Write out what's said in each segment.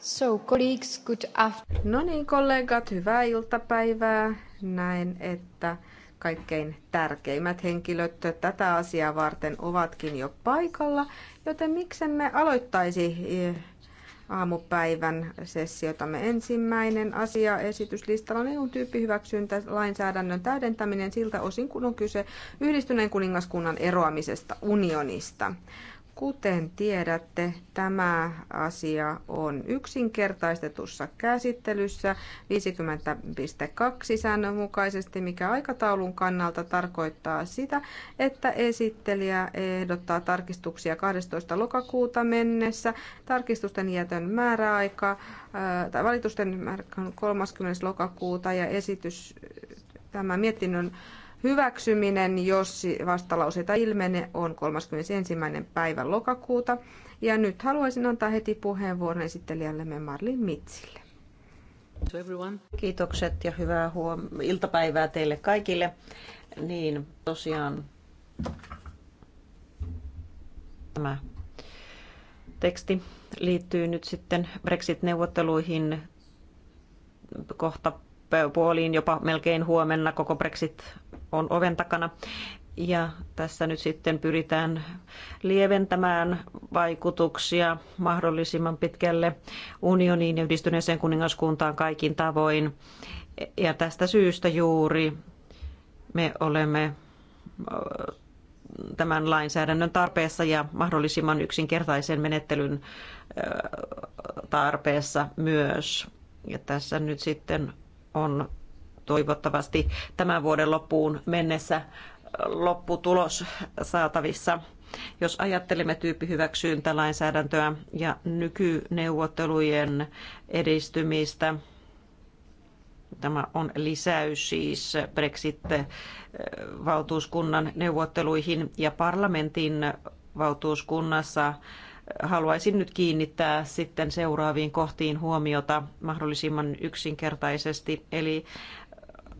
So, colleagues, good afternoon. No niin, kollegat, hyvää iltapäivää. Näen, että kaikkein tärkeimmät henkilöt tätä asiaa varten ovatkin jo paikalla, joten miksemme aloittaisi eh, aamupäivän sessiotamme ensimmäinen asia esityslistalla on EUn tyyppihyväksyntä lainsäädännön täydentäminen siltä osin, kun on kyse yhdistyneen kuningaskunnan eroamisesta unionista. Kuten tiedätte, tämä asia on yksinkertaistetussa käsittelyssä 50.2 säännön mukaisesti, mikä aikataulun kannalta tarkoittaa sitä, että esittelijä ehdottaa tarkistuksia 12. lokakuuta mennessä, tarkistusten jätön määräaika, tai valitusten määrä on 30. lokakuuta ja esitys tämän mietinnön hyväksyminen, jos vastalauseita ilmenee, on 31. päivä lokakuuta. Ja nyt haluaisin antaa heti puheenvuoron esittelijällemme Marlin Mitsille. Kiitokset ja hyvää huom- iltapäivää teille kaikille. Niin tosiaan tämä teksti liittyy nyt sitten Brexit-neuvotteluihin kohta puoliin jopa melkein huomenna. Koko Brexit on oven takana. Ja tässä nyt sitten pyritään lieventämään vaikutuksia mahdollisimman pitkälle unioniin ja yhdistyneeseen kuningaskuntaan kaikin tavoin. Ja tästä syystä juuri me olemme tämän lainsäädännön tarpeessa ja mahdollisimman yksinkertaisen menettelyn tarpeessa myös. Ja tässä nyt sitten on toivottavasti tämän vuoden loppuun mennessä lopputulos saatavissa. Jos ajattelemme tyyppihyväksyntälainsäädäntöä ja nykyneuvottelujen edistymistä, Tämä on lisäys siis Brexit-valtuuskunnan neuvotteluihin ja parlamentin valtuuskunnassa haluaisin nyt kiinnittää sitten seuraaviin kohtiin huomiota mahdollisimman yksinkertaisesti. Eli äh,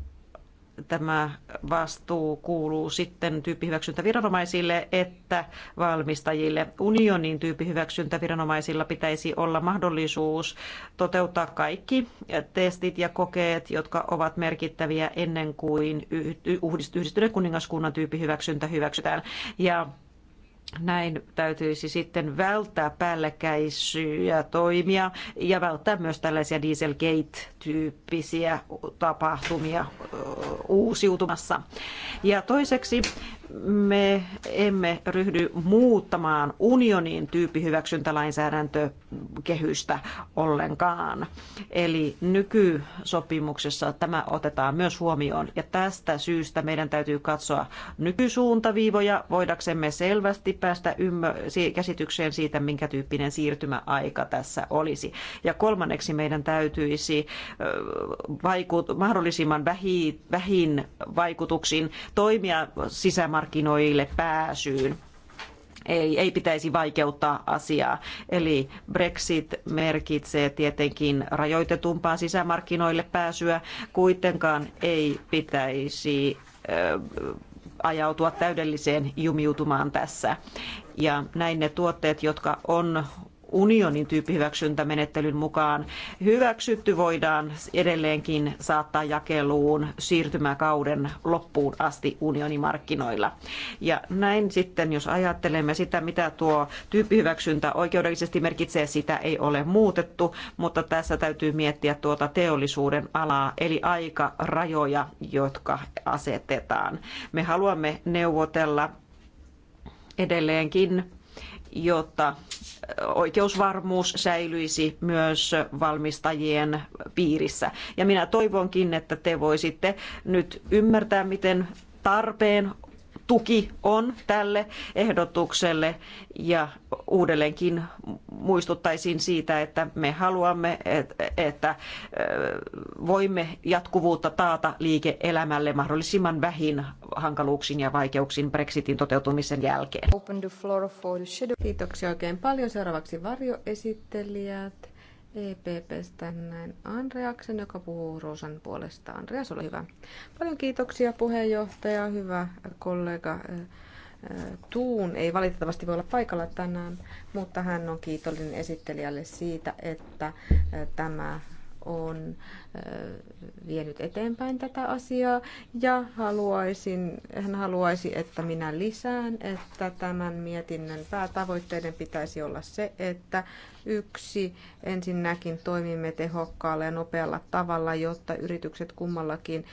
tämä vastuu kuuluu sitten tyyppihyväksyntäviranomaisille että valmistajille. Unionin tyyppihyväksyntäviranomaisilla pitäisi olla mahdollisuus toteuttaa kaikki äh, testit ja kokeet, jotka ovat merkittäviä ennen kuin yhdistyneen kuningaskunnan tyyppihyväksyntä hyväksytään. Ja näin täytyisi sitten välttää päällekkäisyjä toimia ja välttää myös tällaisia dieselgate-tyyppisiä tapahtumia uusiutumassa. Ja toiseksi me emme ryhdy muuttamaan unionin tyyppihyväksyntälainsäädäntökehystä ollenkaan. Eli nykysopimuksessa tämä otetaan myös huomioon ja tästä syystä meidän täytyy katsoa nykysuuntaviivoja voidaksemme selvästi päästä käsitykseen siitä, minkä tyyppinen siirtymäaika tässä olisi. Ja kolmanneksi meidän täytyisi vaikut- mahdollisimman vähin vaikutuksin toimia sisämaan markkinoille pääsyyn. Ei, ei pitäisi vaikeuttaa asiaa. Eli Brexit merkitsee tietenkin rajoitetumpaa sisämarkkinoille pääsyä. Kuitenkaan ei pitäisi ajautua täydelliseen jumiutumaan tässä. Ja näin ne tuotteet, jotka on unionin tyyppihyväksyntämenettelyn mukaan hyväksytty voidaan edelleenkin saattaa jakeluun siirtymäkauden loppuun asti unionimarkkinoilla. Ja näin sitten, jos ajattelemme sitä, mitä tuo tyyppihyväksyntä oikeudellisesti merkitsee, sitä ei ole muutettu, mutta tässä täytyy miettiä tuota teollisuuden alaa, eli aikarajoja, jotka asetetaan. Me haluamme neuvotella edelleenkin, jotta oikeusvarmuus säilyisi myös valmistajien piirissä. Ja minä toivonkin, että te voisitte nyt ymmärtää, miten tarpeen tuki on tälle ehdotukselle ja uudelleenkin muistuttaisin siitä, että me haluamme, että voimme jatkuvuutta taata liike-elämälle mahdollisimman vähin hankaluuksin ja vaikeuksin Brexitin toteutumisen jälkeen. Kiitoksia oikein paljon. Seuraavaksi varjoesittelijät. EPPstä näin Andreaksen, joka puhuu Roosan puolesta. Andreas, ole hyvä. Paljon kiitoksia puheenjohtaja, hyvä kollega. Tuun ei valitettavasti voi olla paikalla tänään, mutta hän on kiitollinen esittelijälle siitä, että tämä on vienyt eteenpäin tätä asiaa ja haluaisin, hän haluaisi, että minä lisään, että tämän mietinnön päätavoitteiden pitäisi olla se, että yksi, ensinnäkin toimimme tehokkaalla ja nopealla tavalla, jotta yritykset kummallakin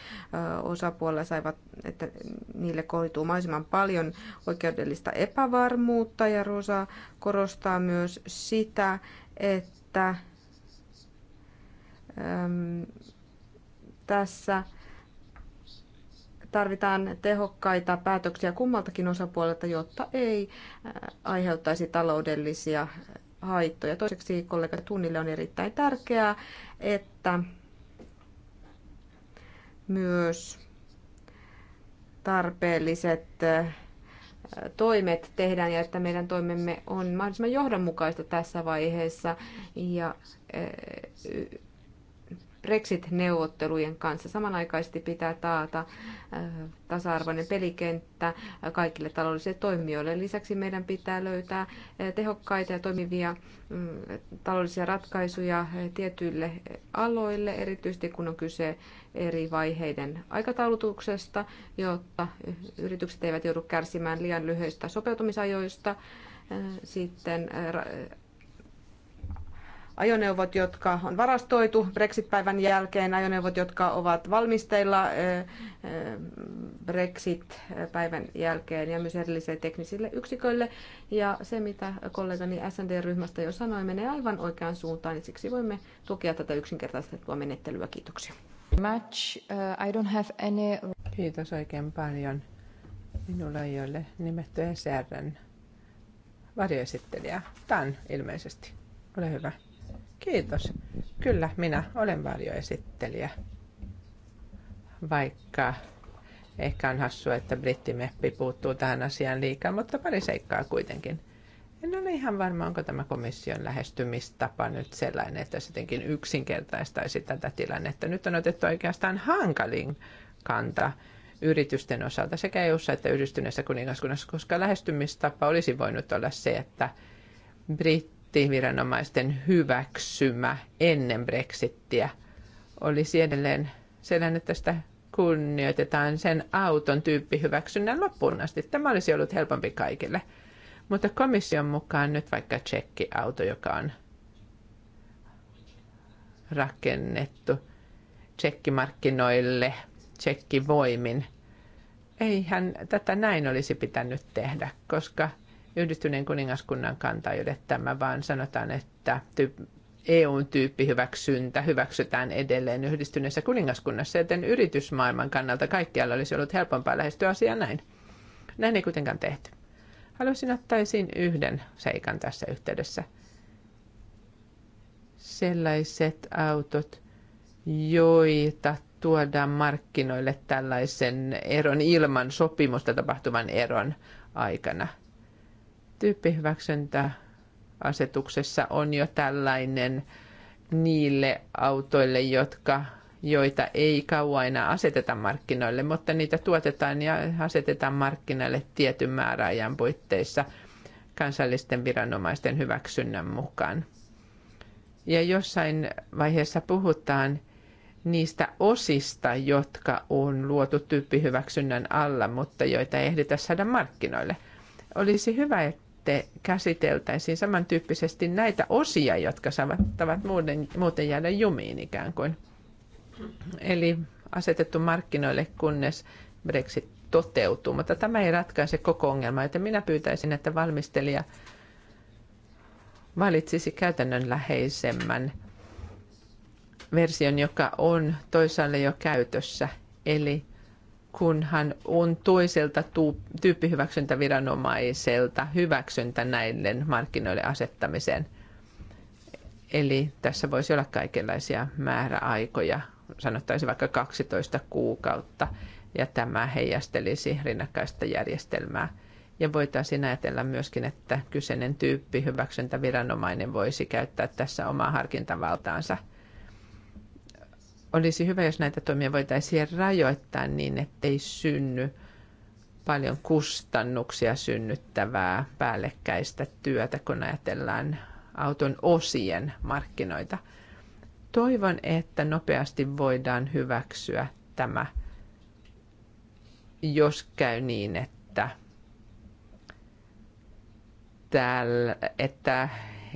osapuolella saivat, että niille koituu mahdollisimman paljon oikeudellista epävarmuutta ja Rosa korostaa myös sitä, että tässä tarvitaan tehokkaita päätöksiä kummaltakin osapuolelta, jotta ei äh, aiheuttaisi taloudellisia haittoja. Toiseksi kollega Tunnille on erittäin tärkeää, että myös tarpeelliset äh, toimet tehdään ja että meidän toimemme on mahdollisimman johdonmukaista tässä vaiheessa ja äh, Brexit-neuvottelujen kanssa. Samanaikaisesti pitää taata äh, tasa-arvoinen pelikenttä äh, kaikille taloudellisille toimijoille. Lisäksi meidän pitää löytää äh, tehokkaita ja toimivia mm, taloudellisia ratkaisuja tietyille aloille, erityisesti kun on kyse eri vaiheiden aikataulutuksesta, jotta yritykset eivät joudu kärsimään liian lyhyistä sopeutumisajoista sitten ajoneuvot, jotka on varastoitu Brexit-päivän jälkeen, ajoneuvot, jotka ovat valmisteilla eh, eh, Brexit-päivän jälkeen ja myös erillisille teknisille yksiköille. Ja se, mitä kollegani SND-ryhmästä jo sanoi, menee aivan oikeaan suuntaan niin siksi voimme tukea tätä yksinkertaistettua menettelyä. Kiitoksia. Much. Uh, I don't have any... Kiitos oikein paljon. Minulla ei ole nimetty SRn varjoesittelijä. Tän ilmeisesti. Ole hyvä. Kiitos. Kyllä, minä olen varjoesittelijä. Vaikka ehkä on hassua, että brittimeppi puuttuu tähän asiaan liikaa, mutta pari seikkaa kuitenkin. En ole ihan varma, onko tämä komission lähestymistapa nyt sellainen, että se jotenkin yksinkertaistaisi tätä tilannetta. Nyt on otettu oikeastaan hankalin kanta yritysten osalta sekä eu että yhdistyneessä kuningaskunnassa, koska lähestymistapa olisi voinut olla se, että Britti brittiviranomaisten hyväksymä ennen brexittiä olisi edelleen sellainen, että tästä kunnioitetaan sen auton tyyppihyväksynnän loppuun asti. Tämä olisi ollut helpompi kaikille. Mutta komission mukaan nyt vaikka tsekkiauto, joka on rakennettu tsekkimarkkinoille tsekkivoimin, eihän tätä näin olisi pitänyt tehdä, koska – yhdistyneen kuningaskunnan kanta ei ole tämä, vaan sanotaan, että EUn tyyppihyväksyntä hyväksytään edelleen yhdistyneessä kuningaskunnassa, joten yritysmaailman kannalta kaikkialla olisi ollut helpompaa lähestyä asiaa näin. Näin ei kuitenkaan tehty. Haluaisin ottaa esiin yhden seikan tässä yhteydessä. Sellaiset autot, joita tuodaan markkinoille tällaisen eron ilman sopimusta tapahtuvan eron aikana – Tyyppihyväksyntäasetuksessa on jo tällainen niille autoille, jotka joita ei kauaina aseteta markkinoille, mutta niitä tuotetaan ja asetetaan markkinoille tietyn määräajan puitteissa kansallisten viranomaisten hyväksynnän mukaan. Ja jossain vaiheessa puhutaan niistä osista, jotka on luotu tyyppihyväksynnän alla, mutta joita ei ehditä saada markkinoille. Olisi hyvä, sitten käsiteltäisiin samantyyppisesti näitä osia, jotka saavat muuten, muuten jäädä jumiin ikään kuin. Eli asetettu markkinoille, kunnes Brexit toteutuu, mutta tämä ei ratkaise koko ongelmaa, joten minä pyytäisin, että valmistelija valitsisi käytännönläheisemmän version, joka on toisaalle jo käytössä, eli kun hän on toiselta tyyppihyväksyntäviranomaiselta hyväksyntä näiden markkinoille asettamiseen. Eli tässä voisi olla kaikenlaisia määräaikoja, sanottaisiin vaikka 12 kuukautta, ja tämä heijastelisi rinnakkaista järjestelmää. Ja voitaisiin ajatella myöskin, että kyseinen tyyppihyväksyntäviranomainen voisi käyttää tässä omaa harkintavaltaansa – olisi hyvä, jos näitä toimia voitaisiin rajoittaa niin, ettei synny paljon kustannuksia synnyttävää päällekkäistä työtä, kun ajatellaan auton osien markkinoita. Toivon, että nopeasti voidaan hyväksyä tämä, jos käy niin, että, täällä, että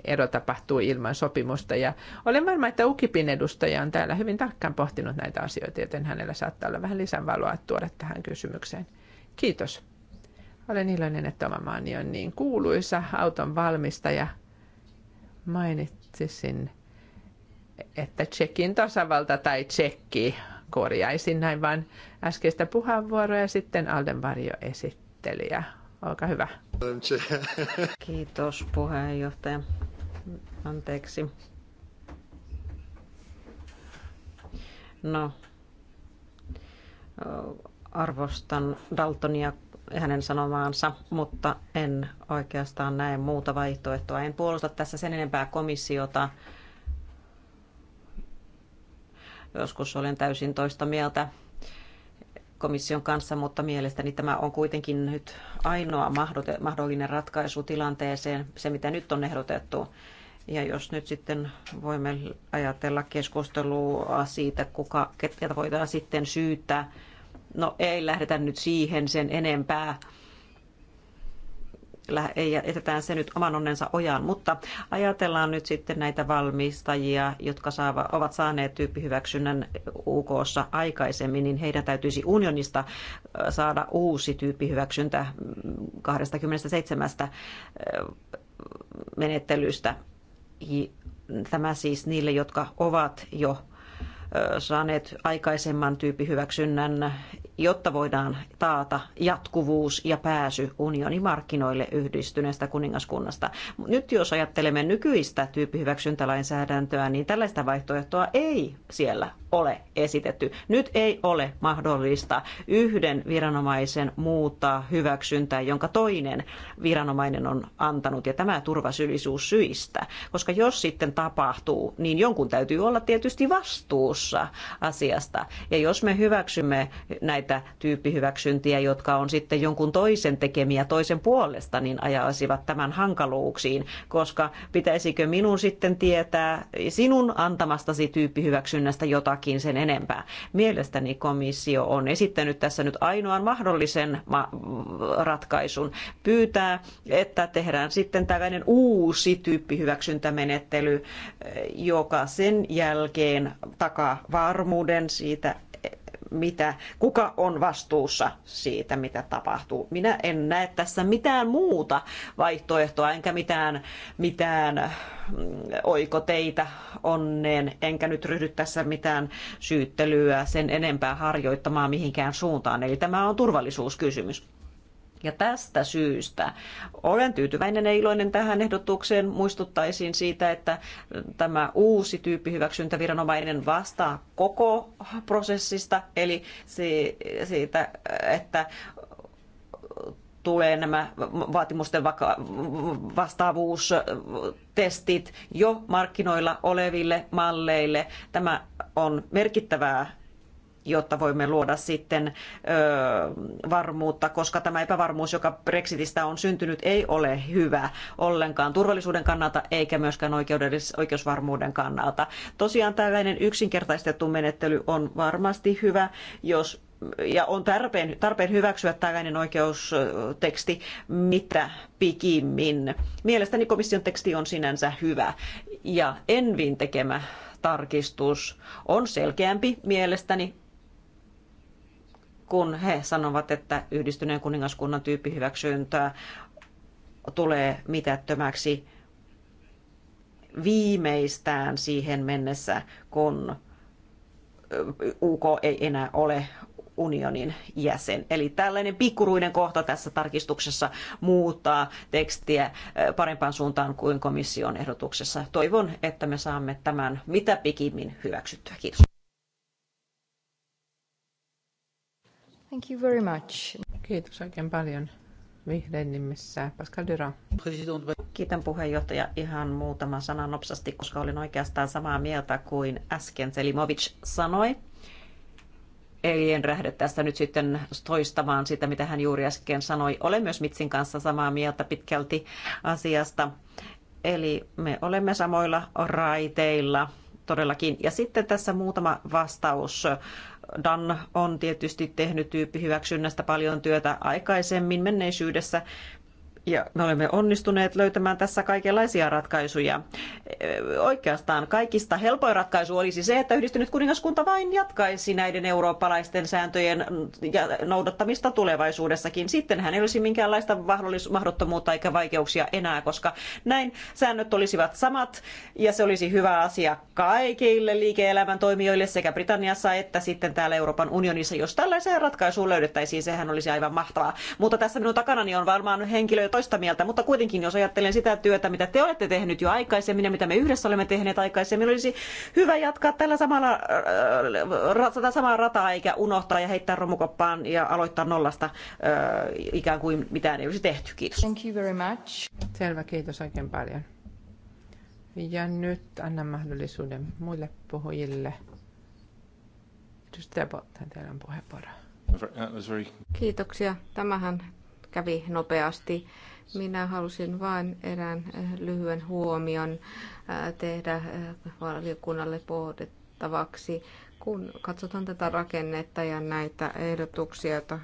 ero tapahtuu ilman sopimusta. Ja olen varma, että UKIPin edustaja on täällä hyvin tarkkaan pohtinut näitä asioita, joten hänellä saattaa olla vähän lisävaloa tuoda tähän kysymykseen. Kiitos. Olen iloinen, että oma maani on niin kuuluisa auton valmistaja. Mainitsisin, että Tsekin tasavalta tai Tsekki korjaisin näin vain äskeistä puheenvuoroa ja sitten Alden Varjo esittelijä. Olkaa hyvä. Kiitos puheenjohtaja. Anteeksi. No, arvostan Daltonia hänen sanomaansa, mutta en oikeastaan näe muuta vaihtoehtoa. En puolusta tässä sen enempää komissiota. Joskus olen täysin toista mieltä komission kanssa, mutta mielestäni tämä on kuitenkin nyt ainoa mahdollinen ratkaisu tilanteeseen, se mitä nyt on ehdotettu. Ja jos nyt sitten voimme ajatella keskustelua siitä, kuka, ketkä voidaan sitten syyttää. No ei lähdetä nyt siihen sen enempää ei jätetään se nyt oman onnensa ojaan, mutta ajatellaan nyt sitten näitä valmistajia, jotka saava, ovat saaneet tyyppihyväksynnän uk aikaisemmin, niin heidän täytyisi unionista saada uusi tyyppihyväksyntä 27 menettelystä Tämä siis niille, jotka ovat jo saaneet aikaisemman tyyppihyväksynnän jotta voidaan taata jatkuvuus ja pääsy unionimarkkinoille yhdistyneestä kuningaskunnasta. Nyt jos ajattelemme nykyistä tyyppihyväksyntälainsäädäntöä, niin tällaista vaihtoehtoa ei siellä ole esitetty. Nyt ei ole mahdollista yhden viranomaisen muuttaa hyväksyntää, jonka toinen viranomainen on antanut, ja tämä turvasyllisyys syistä. Koska jos sitten tapahtuu, niin jonkun täytyy olla tietysti vastuussa asiasta. Ja jos me hyväksymme näitä näitä tyyppihyväksyntiä, jotka on sitten jonkun toisen tekemiä toisen puolesta, niin ajaisivat tämän hankaluuksiin, koska pitäisikö minun sitten tietää sinun antamastasi tyyppihyväksynnästä jotakin sen enempää. Mielestäni komissio on esittänyt tässä nyt ainoan mahdollisen ratkaisun pyytää, että tehdään sitten tällainen uusi tyyppihyväksyntämenettely, joka sen jälkeen takaa varmuuden siitä, mitä, kuka on vastuussa siitä, mitä tapahtuu. Minä en näe tässä mitään muuta vaihtoehtoa, enkä mitään, mitään mm, oikoteita, onneen, enkä nyt ryhdy tässä mitään syyttelyä sen enempää harjoittamaan mihinkään suuntaan. Eli tämä on turvallisuuskysymys. Ja tästä syystä olen tyytyväinen ja iloinen tähän ehdotukseen. Muistuttaisin siitä, että tämä uusi tyyppihyväksyntäviranomainen vastaa koko prosessista, eli siitä, että tulee nämä vaatimusten vastaavuustestit jo markkinoilla oleville malleille. Tämä on merkittävää jotta voimme luoda sitten varmuutta, koska tämä epävarmuus, joka Brexitistä on syntynyt, ei ole hyvä ollenkaan turvallisuuden kannalta eikä myöskään oikeusvarmuuden kannalta. Tosiaan tällainen yksinkertaistettu menettely on varmasti hyvä, jos ja on tarpeen, tarpeen hyväksyä tällainen oikeusteksti mitä pikimmin. Mielestäni komission teksti on sinänsä hyvä ja Envin tekemä tarkistus on selkeämpi mielestäni kun he sanovat, että yhdistyneen kuningaskunnan tyyppihyväksyntää tulee mitättömäksi viimeistään siihen mennessä, kun UK ei enää ole unionin jäsen. Eli tällainen pikkuruinen kohta tässä tarkistuksessa muuttaa tekstiä parempaan suuntaan kuin komission ehdotuksessa. Toivon, että me saamme tämän mitä pikimmin hyväksyttyä. Kiitos. Thank you very much. Kiitos oikein paljon. Vihreän nimissä Pascal Dyra. Kiitän puheenjohtaja ihan muutama sana nopsasti, koska olin oikeastaan samaa mieltä kuin äsken Selimovic sanoi. Eli en lähde tästä nyt sitten toistamaan sitä, mitä hän juuri äsken sanoi. Olen myös Mitsin kanssa samaa mieltä pitkälti asiasta. Eli me olemme samoilla raiteilla todellakin. Ja sitten tässä muutama vastaus Dan on tietysti tehnyt tyyppihyväksynnästä paljon työtä aikaisemmin menneisyydessä, ja me olemme onnistuneet löytämään tässä kaikenlaisia ratkaisuja. Oikeastaan kaikista helpoin ratkaisu olisi se, että yhdistynyt kuningaskunta vain jatkaisi näiden eurooppalaisten sääntöjen noudattamista tulevaisuudessakin. hän ei olisi minkäänlaista mahdottomuutta eikä vaikeuksia enää, koska näin säännöt olisivat samat ja se olisi hyvä asia kaikille liike-elämän toimijoille sekä Britanniassa että sitten täällä Euroopan unionissa. Jos tällaiseen ratkaisuun löydettäisiin, sehän olisi aivan mahtavaa. Mutta tässä minun takanani on varmaan henkilö, paljon toista mieltä, mutta kuitenkin jos ajattelen sitä työtä, mitä te olette tehnyt jo aikaisemmin ja mitä me yhdessä olemme tehneet aikaisemmin, olisi hyvä jatkaa tällä samalla, äh, tätä samaa rataa eikä unohtaa ja heittää romukoppaan ja aloittaa nollasta äh, ikään kuin mitään ei olisi tehty. Kiitos. Thank you very much. Selvä, kiitos oikein paljon. Ja nyt annan mahdollisuuden muille puhujille. Edustaja Bottan, teillä puheenvuoro. Kiitoksia. Tämähän kävi nopeasti. Minä halusin vain erään eh, lyhyen huomion eh, tehdä eh, valiokunnalle pohdittavaksi, kun katsotaan tätä rakennetta ja näitä ehdotuksia, joita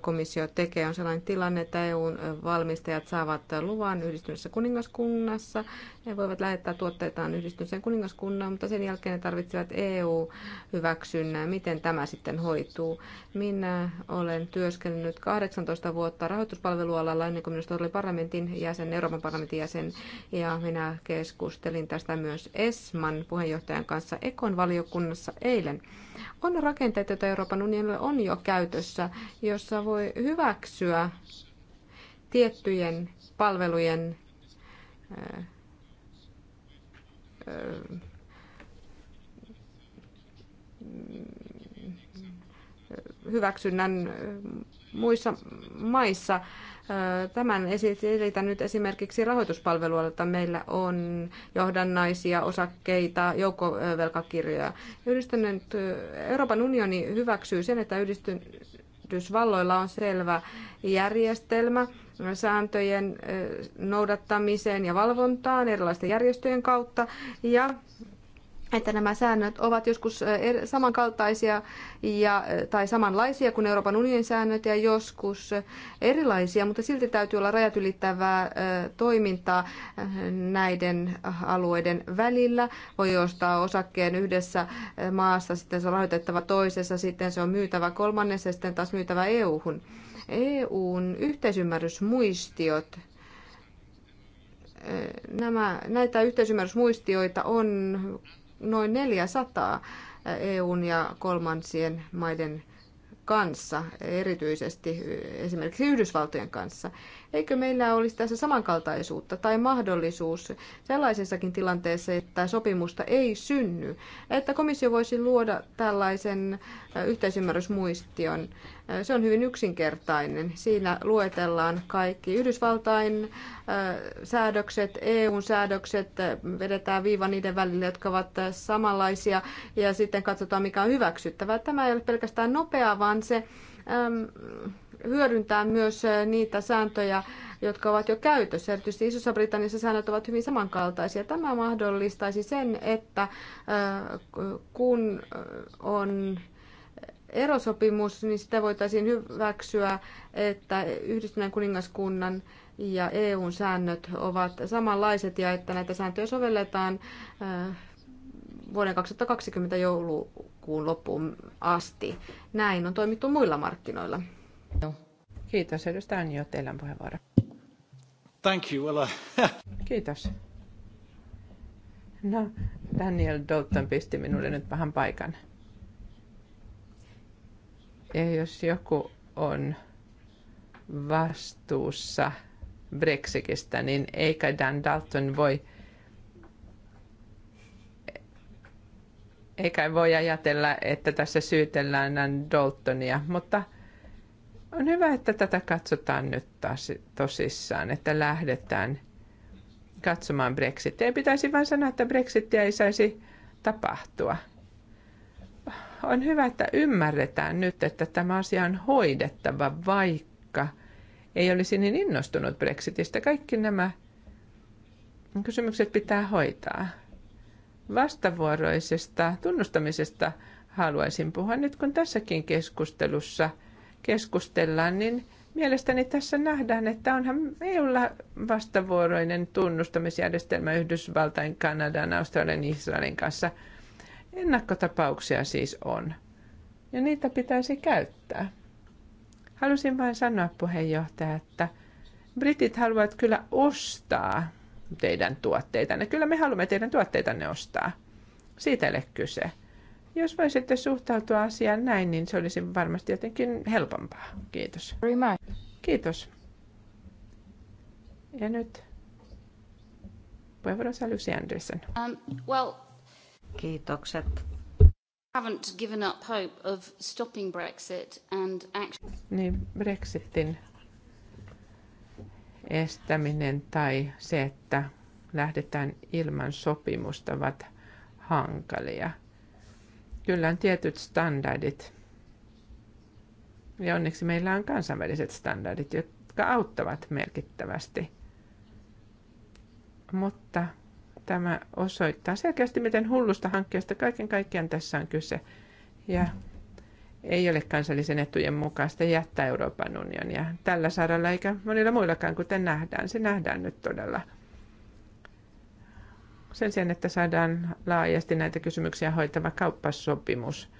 komissio tekee, on sellainen tilanne, että EUn valmistajat saavat luvan yhdistyneessä kuningaskunnassa ne voivat lähettää tuotteitaan yhdistyneeseen kuningaskunnan, mutta sen jälkeen ne tarvitsevat eu hyväksynnän Miten tämä sitten hoituu? Minä olen työskennellyt 18 vuotta rahoituspalvelualalla ennen kuin minusta oli parlamentin jäsen, Euroopan parlamentin jäsen, ja minä keskustelin tästä myös ESMAN puheenjohtajan kanssa Ekon valiokunnassa eilen. On rakenteita, joita Euroopan unionilla on jo käytössä, jossa voi hyväksyä tiettyjen palvelujen hyväksynnän muissa maissa. Tämän esitän nyt esimerkiksi rahoituspalvelualalta. Meillä on johdannaisia, osakkeita, joukkovelkakirjoja. Yhdistynyt, Euroopan unioni hyväksyy sen, että yhdistyn, Yhdysvalloilla on selvä järjestelmä, sääntöjen noudattamiseen ja valvontaan erilaisten järjestöjen kautta ja että nämä säännöt ovat joskus er, samankaltaisia ja, tai samanlaisia kuin Euroopan unionin säännöt ja joskus erilaisia, mutta silti täytyy olla rajat ylittävää toimintaa näiden alueiden välillä. Voi ostaa osakkeen yhdessä maassa, sitten se on rahoitettava toisessa, sitten se on myytävä kolmannessa ja sitten taas myytävä EU-hun. EUn yhteisymmärrysmuistiot nämä, näitä yhteisymmärrysmuistioita on noin 400 EUn ja kolmansien maiden kanssa, erityisesti esimerkiksi Yhdysvaltojen kanssa. Eikö meillä olisi tässä samankaltaisuutta tai mahdollisuus sellaisessakin tilanteessa, että sopimusta ei synny, että komissio voisi luoda tällaisen yhteisymmärrysmuistion se on hyvin yksinkertainen. Siinä luetellaan kaikki Yhdysvaltain säädökset, EUn säädökset, vedetään viiva niiden välille, jotka ovat samanlaisia, ja sitten katsotaan, mikä on hyväksyttävää. Tämä ei ole pelkästään nopea, vaan se hyödyntää myös niitä sääntöjä, jotka ovat jo käytössä. Erityisesti Isossa Britanniassa säännöt ovat hyvin samankaltaisia. Tämä mahdollistaisi sen, että kun on erosopimus, niin sitä voitaisiin hyväksyä, että yhdistyneen kuningaskunnan ja EUn säännöt ovat samanlaiset ja että näitä sääntöjä sovelletaan äh, vuoden 2020 joulukuun loppuun asti. Näin on toimittu muilla markkinoilla. Kiitos edustaja Anjo, teillä on puheenvuoro. Thank you. Well, Kiitos. No, Daniel Dalton pisti minulle nyt vähän paikan. Ja jos joku on vastuussa Brexitistä, niin eikä Dan Dalton voi eikä voi ajatella, että tässä syytellään Dan Daltonia, mutta on hyvä, että tätä katsotaan nyt taas tosissaan, että lähdetään katsomaan Brexitia. Pitäisi vain sanoa, että Brexitia ei saisi tapahtua. On hyvä, että ymmärretään nyt, että tämä asia on hoidettava, vaikka ei olisi niin innostunut Brexitistä. Kaikki nämä kysymykset pitää hoitaa. Vastavuoroisesta tunnustamisesta haluaisin puhua nyt, kun tässäkin keskustelussa keskustellaan, niin mielestäni tässä nähdään, että onhan EUlla vastavuoroinen tunnustamisjärjestelmä Yhdysvaltain, Kanadan, Australian ja Israelin kanssa – Ennakkotapauksia siis on, ja niitä pitäisi käyttää. Halusin vain sanoa puheenjohtaja, että britit haluavat kyllä ostaa teidän tuotteitanne. Kyllä me haluamme teidän tuotteitanne ostaa. Siitä ei ole kyse. Jos voisitte suhtautua asiaan näin, niin se olisi varmasti jotenkin helpompaa. Kiitos. Kiitos. Ja nyt puheenvuoronsa Lucy Anderson. Um, well, Kiitokset. Haven't given up hope of stopping Brexit and action. Niin, Brexitin estäminen tai se, että lähdetään ilman sopimusta, ovat hankalia. Kyllä on tietyt standardit. Ja onneksi meillä on kansainväliset standardit, jotka auttavat merkittävästi. Mutta tämä osoittaa selkeästi, miten hullusta hankkeesta kaiken kaikkiaan tässä on kyse. Ja ei ole kansallisen etujen mukaista jättää Euroopan unionia tällä saralla eikä monilla muillakaan, kuten nähdään. Se nähdään nyt todella. Sen sijaan, että saadaan laajasti näitä kysymyksiä hoitava kauppasopimus.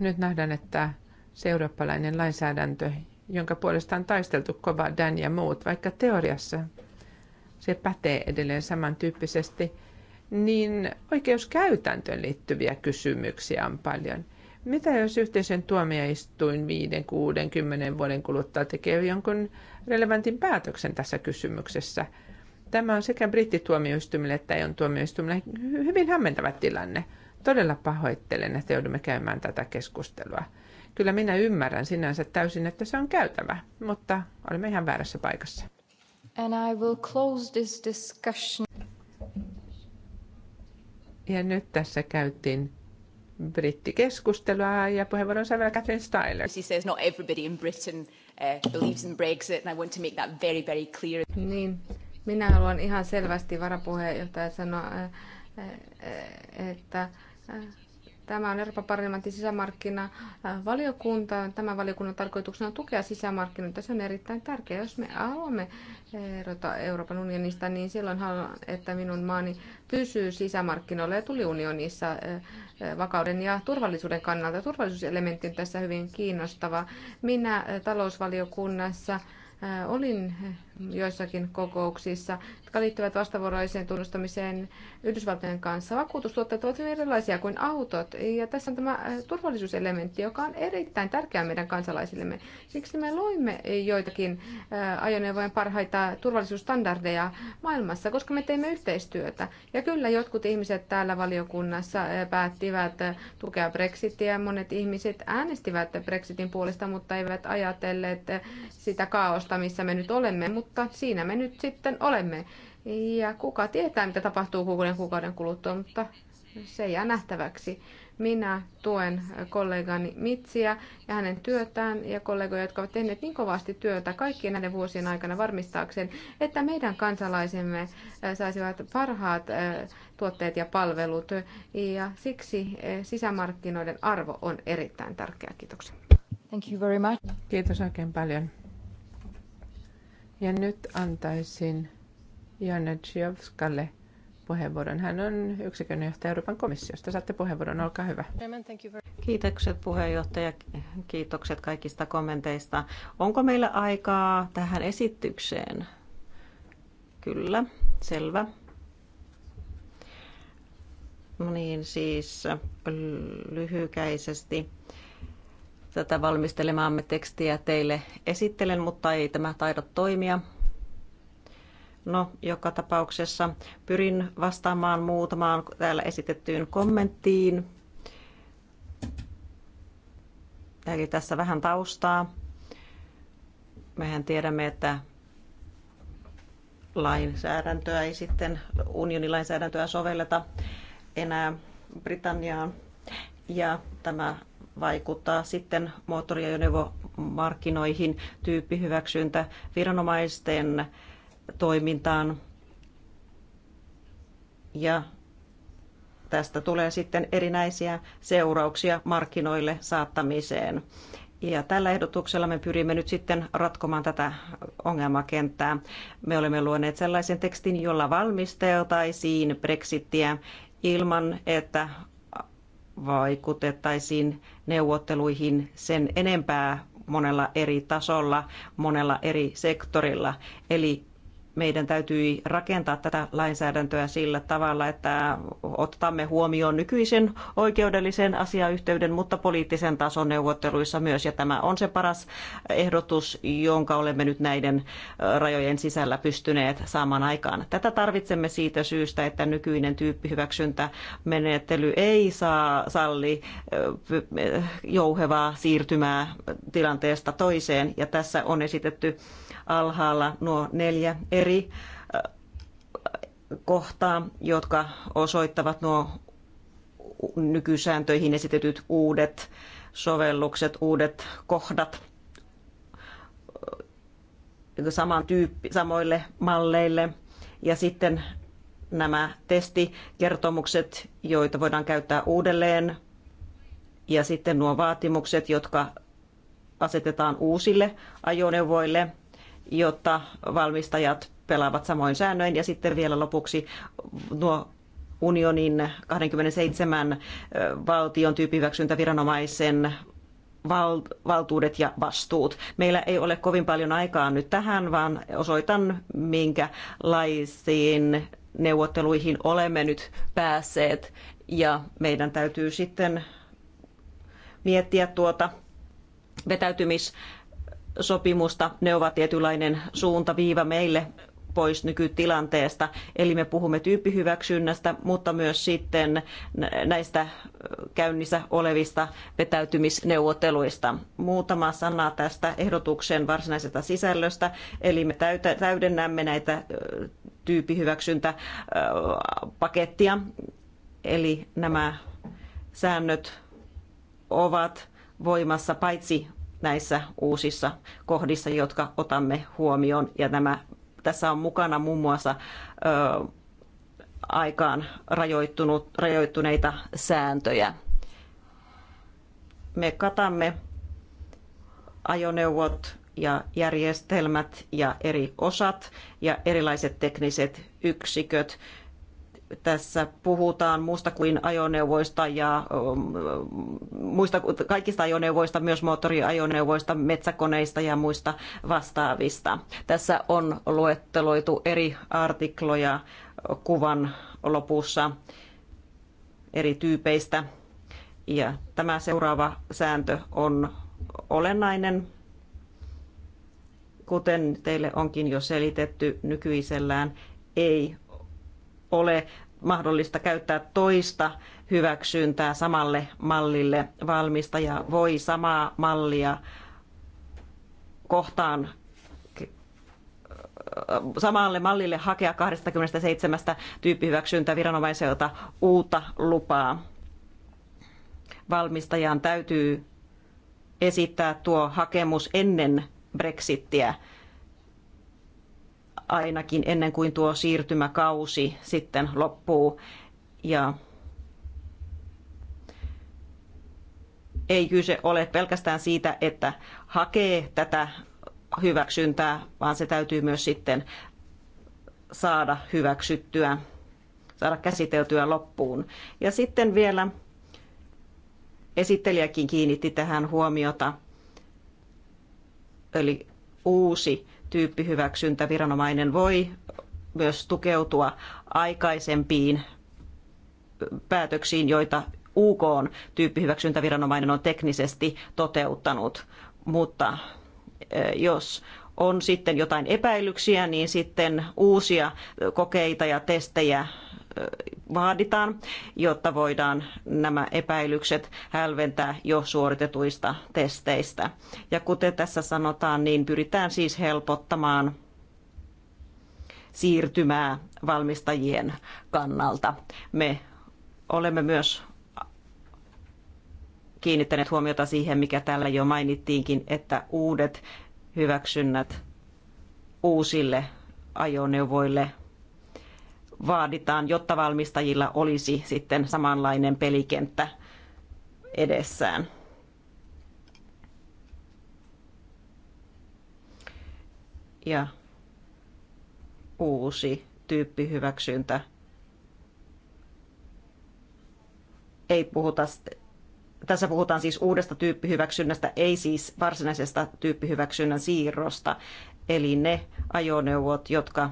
Nyt nähdään, että se eurooppalainen lainsäädäntö, jonka puolesta on taisteltu kova Dan ja muut, vaikka teoriassa se pätee edelleen samantyyppisesti, niin oikeuskäytäntöön liittyviä kysymyksiä on paljon. Mitä jos yhteisen tuomioistuin 5-60 vuoden kuluttua tekee jonkun relevantin päätöksen tässä kysymyksessä? Tämä on sekä brittituomioistuimille että on tuomioistuimille hyvin hämmentävä tilanne. Todella pahoittelen, että joudumme käymään tätä keskustelua. Kyllä minä ymmärrän sinänsä täysin, että se on käytävä, mutta olemme ihan väärässä paikassa. And I will close this discussion. Ja nyt tässä käytiin brittikeskustelua ja puheenvuoron sävelä Catherine Styler. She says not everybody in Britain uh, believes in Brexit and I want to make that very, very clear. Niin, minä haluan ihan selvästi varapuheenjohtaja sanoa, äh, äh, että äh, Tämä on Euroopan parlamentin sisämarkkinavaliokunta. Tämän valiokunnan tarkoituksena on tukea sisämarkkinoita. Se on erittäin tärkeää. Jos me haluamme erota Euroopan unionista, niin silloin haluan, että minun maani pysyy sisämarkkinoilla ja tuli unionissa eh, eh, vakauden ja turvallisuuden kannalta. Turvallisuuselementti on tässä hyvin kiinnostava. Minä eh, talousvaliokunnassa olin joissakin kokouksissa, jotka liittyvät vastavuoroiseen tunnustamiseen Yhdysvaltojen kanssa. Vakuutustuotteet ovat hyvin erilaisia kuin autot, ja tässä on tämä äh, turvallisuuselementti, joka on erittäin tärkeä meidän kansalaisillemme. Siksi me loimme joitakin äh, ajoneuvojen parhaita turvallisuusstandardeja maailmassa, koska me teimme yhteistyötä. Ja kyllä jotkut ihmiset täällä valiokunnassa äh, päättivät tukea Brexitiä, monet ihmiset äänestivät Brexitin puolesta, mutta eivät ajatelleet sitä kaaosta, missä me nyt olemme. Mutta mutta siinä me nyt sitten olemme. Ja kuka tietää, mitä tapahtuu kuukauden kuukauden kuluttua, mutta se jää nähtäväksi. Minä tuen kollegani Mitsiä ja hänen työtään ja kollegoja, jotka ovat tehneet niin kovasti työtä kaikkien näiden vuosien aikana varmistaakseen, että meidän kansalaisemme äh, saisivat parhaat äh, tuotteet ja palvelut. Ja siksi äh, sisämarkkinoiden arvo on erittäin tärkeä. Kiitoksia. Thank you very much. Kiitos oikein paljon. Ja nyt antaisin Janne Tsiovskalle puheenvuoron. Hän on yksikön johtaja Euroopan komissiosta. Saatte puheenvuoron, olkaa hyvä. Kiitokset puheenjohtaja, kiitokset kaikista kommenteista. Onko meillä aikaa tähän esitykseen? Kyllä, selvä. No niin, siis lyhykäisesti tätä valmistelemaamme tekstiä teille esittelen, mutta ei tämä taida toimia. No, joka tapauksessa pyrin vastaamaan muutamaan täällä esitettyyn kommenttiin. Eli tässä vähän taustaa. Mehän tiedämme, että lainsäädäntöä ei sitten, unionilainsäädäntöä sovelleta enää Britanniaan. Ja tämä vaikuttaa sitten moottoriajoneuvomarkkinoihin, tyyppihyväksyntä, viranomaisten toimintaan. Ja tästä tulee sitten erinäisiä seurauksia markkinoille saattamiseen. Ja tällä ehdotuksella me pyrimme nyt sitten ratkomaan tätä ongelmakenttää. Me olemme luoneet sellaisen tekstin, jolla valmisteltaisiin Brexittiä ilman, että vaikutettaisiin neuvotteluihin sen enempää monella eri tasolla, monella eri sektorilla. Eli meidän täytyi rakentaa tätä lainsäädäntöä sillä tavalla, että otamme huomioon nykyisen oikeudellisen asiayhteyden, mutta poliittisen tason neuvotteluissa myös. Ja tämä on se paras ehdotus, jonka olemme nyt näiden rajojen sisällä pystyneet saamaan aikaan. Tätä tarvitsemme siitä syystä, että nykyinen tyyppihyväksyntämenettely ei saa salli jouhevaa siirtymää tilanteesta toiseen. Ja tässä on esitetty alhaalla nuo neljä eri kohtaa, jotka osoittavat nuo nykysääntöihin esitetyt uudet sovellukset, uudet kohdat saman tyyppi, samoille malleille. Ja sitten nämä testikertomukset, joita voidaan käyttää uudelleen. Ja sitten nuo vaatimukset, jotka asetetaan uusille ajoneuvoille – jotta valmistajat pelaavat samoin säännöin. Ja sitten vielä lopuksi nuo unionin 27 valtion viranomaisen val- valtuudet ja vastuut. Meillä ei ole kovin paljon aikaa nyt tähän, vaan osoitan minkälaisiin neuvotteluihin olemme nyt päässeet. Ja meidän täytyy sitten miettiä tuota vetäytymis- sopimusta. Ne ovat tietynlainen suuntaviiva meille pois nykytilanteesta. Eli me puhumme tyyppihyväksynnästä, mutta myös sitten näistä käynnissä olevista vetäytymisneuvotteluista. Muutama sana tästä ehdotuksen varsinaisesta sisällöstä. Eli me täydennämme näitä tyyppihyväksyntäpakettia. Eli nämä säännöt ovat voimassa paitsi näissä uusissa kohdissa, jotka otamme huomioon. Ja nämä, tässä on mukana muun muassa ö, aikaan rajoittunut, rajoittuneita sääntöjä. Me katamme ajoneuvot ja järjestelmät ja eri osat ja erilaiset tekniset yksiköt tässä puhutaan muusta kuin ajoneuvoista ja um, muista, kaikista ajoneuvoista, myös moottoriajoneuvoista, metsäkoneista ja muista vastaavista. Tässä on luetteloitu eri artikloja kuvan lopussa eri tyypeistä. Ja tämä seuraava sääntö on olennainen, kuten teille onkin jo selitetty nykyisellään, ei ole mahdollista käyttää toista hyväksyntää samalle mallille. Valmistaja voi samaa mallia kohtaan samalle mallille hakea 27 tyyppihyväksyntä viranomaiselta uutta lupaa. Valmistajan täytyy esittää tuo hakemus ennen Brexittiä ainakin ennen kuin tuo siirtymäkausi sitten loppuu. Ja ei kyse ole pelkästään siitä, että hakee tätä hyväksyntää, vaan se täytyy myös sitten saada hyväksyttyä, saada käsiteltyä loppuun. Ja sitten vielä esittelijäkin kiinnitti tähän huomiota, eli uusi tyyppihyväksyntäviranomainen voi myös tukeutua aikaisempiin päätöksiin, joita UK on tyyppihyväksyntäviranomainen on teknisesti toteuttanut, mutta e, jos on sitten jotain epäilyksiä, niin sitten uusia kokeita ja testejä vaaditaan, jotta voidaan nämä epäilykset hälventää jo suoritetuista testeistä. Ja kuten tässä sanotaan, niin pyritään siis helpottamaan siirtymää valmistajien kannalta. Me olemme myös kiinnittäneet huomiota siihen, mikä täällä jo mainittiinkin, että uudet hyväksynnät uusille ajoneuvoille – vaaditaan, jotta valmistajilla olisi sitten samanlainen pelikenttä edessään. Ja uusi tyyppihyväksyntä. Ei puhuta, tässä puhutaan siis uudesta tyyppihyväksynnästä, ei siis varsinaisesta tyyppihyväksynnän siirrosta. Eli ne ajoneuvot, jotka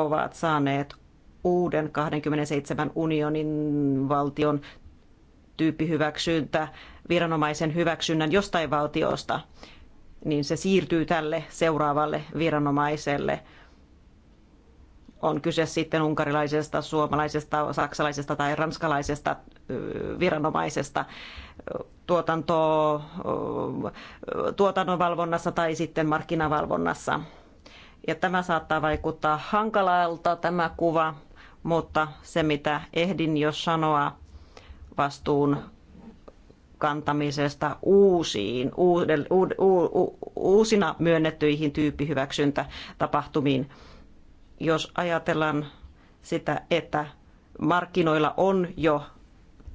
ovat saaneet uuden 27 unionin valtion tyyppihyväksyntä, viranomaisen hyväksynnän jostain valtiosta, niin se siirtyy tälle seuraavalle viranomaiselle. On kyse sitten unkarilaisesta, suomalaisesta, saksalaisesta tai ranskalaisesta viranomaisesta tuotanto, tuotannonvalvonnassa tai sitten markkinavalvonnassa ja tämä saattaa vaikuttaa hankalalta tämä kuva, mutta se mitä ehdin jo sanoa vastuun kantamisesta uusiin, uudel, u, u, u, uusina myönnettyihin tyyppihyväksyntätapahtumiin. Jos ajatellaan sitä, että markkinoilla on jo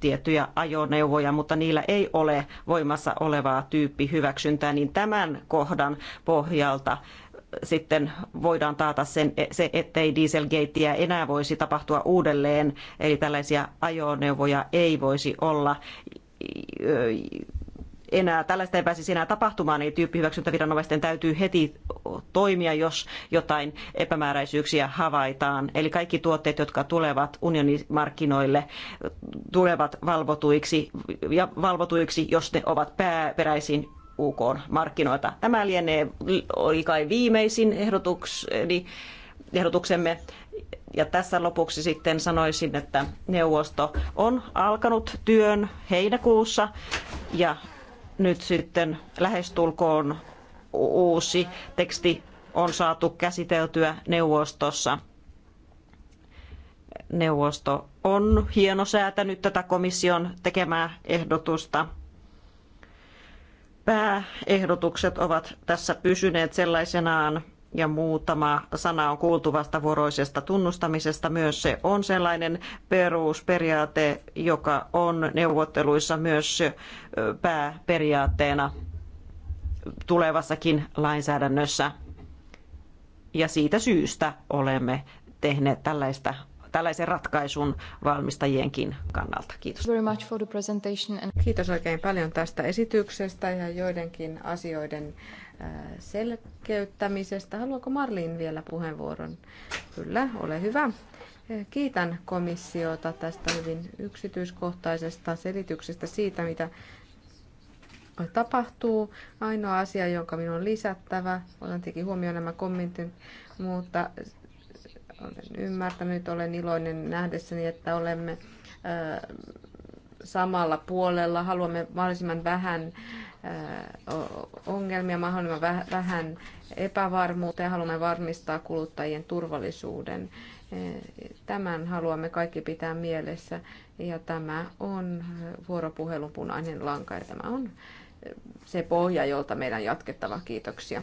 tiettyjä ajoneuvoja, mutta niillä ei ole voimassa olevaa tyyppihyväksyntää, niin tämän kohdan pohjalta sitten voidaan taata sen, se, ettei dieselgateä enää voisi tapahtua uudelleen, eli tällaisia ajoneuvoja ei voisi olla enää, tällaista ei pääsisi enää tapahtumaan, niin tyyppihyväksyntäviranomaisten täytyy heti toimia, jos jotain epämääräisyyksiä havaitaan. Eli kaikki tuotteet, jotka tulevat unionimarkkinoille, tulevat valvotuiksi ja valvotuiksi, jos ne ovat pääperäisin uk markkinoita. Tämä lienee, oli kai viimeisin ehdotuksemme. Ja tässä lopuksi sitten sanoisin, että neuvosto on alkanut työn heinäkuussa ja nyt sitten lähestulkoon uusi teksti on saatu käsiteltyä neuvostossa. Neuvosto on hienosäätänyt tätä komission tekemää ehdotusta pääehdotukset ovat tässä pysyneet sellaisenaan ja muutama sana on kuultu vastavuoroisesta tunnustamisesta. Myös se on sellainen perusperiaate, joka on neuvotteluissa myös pääperiaatteena tulevassakin lainsäädännössä. Ja siitä syystä olemme tehneet tällaista tällaisen ratkaisun valmistajienkin kannalta. Kiitos. Kiitos oikein paljon tästä esityksestä ja joidenkin asioiden äh, selkeyttämisestä. Haluaako Marlin vielä puheenvuoron? Kyllä, ole hyvä. Äh, kiitän komissiota tästä hyvin yksityiskohtaisesta selityksestä siitä, mitä tapahtuu. Ainoa asia, jonka minun on lisättävä, olen tietenkin huomioon nämä kommentit, mutta olen ymmärtänyt, olen iloinen nähdessäni, että olemme samalla puolella. Haluamme mahdollisimman vähän ongelmia, mahdollisimman vähän epävarmuutta ja haluamme varmistaa kuluttajien turvallisuuden. E, tämän haluamme kaikki pitää mielessä ja tämä on vuoropuhelun punainen lanka ja tämä on se pohja, jolta meidän jatkettava. Kiitoksia.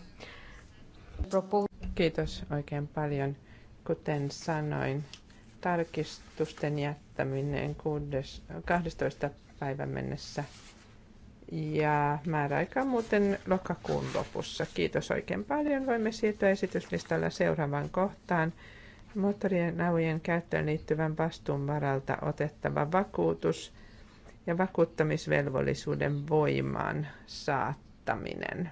Kiitos oikein paljon. Kuten sanoin, tarkistusten jättäminen 12. päivän mennessä ja määräaika muuten lokakuun lopussa. Kiitos oikein paljon. Voimme siirtyä esityslistalla seuraavaan kohtaan. Moottorien naujen käyttöön liittyvän vastuun varalta otettava vakuutus ja vakuuttamisvelvollisuuden voimaan saattaminen.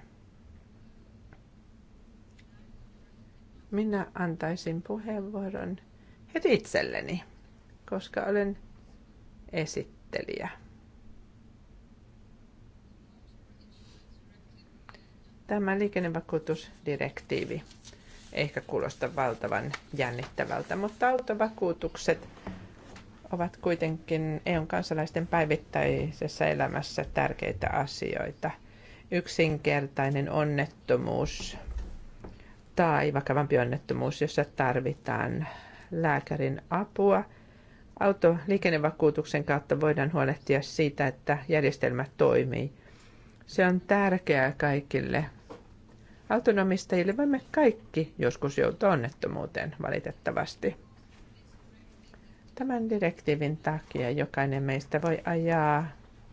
Minä antaisin puheenvuoron heti itselleni, koska olen esittelijä. Tämä liikennevakuutusdirektiivi ehkä kuulosta valtavan jännittävältä, mutta autovakuutukset ovat kuitenkin EUn kansalaisten päivittäisessä elämässä tärkeitä asioita. Yksinkertainen onnettomuus tai vakavampi onnettomuus, jossa tarvitaan lääkärin apua. Autoliikennevakuutuksen kautta voidaan huolehtia siitä, että järjestelmä toimii. Se on tärkeää kaikille autonomistajille, voimme kaikki joskus joutua onnettomuuteen valitettavasti. Tämän direktiivin takia jokainen meistä voi ajaa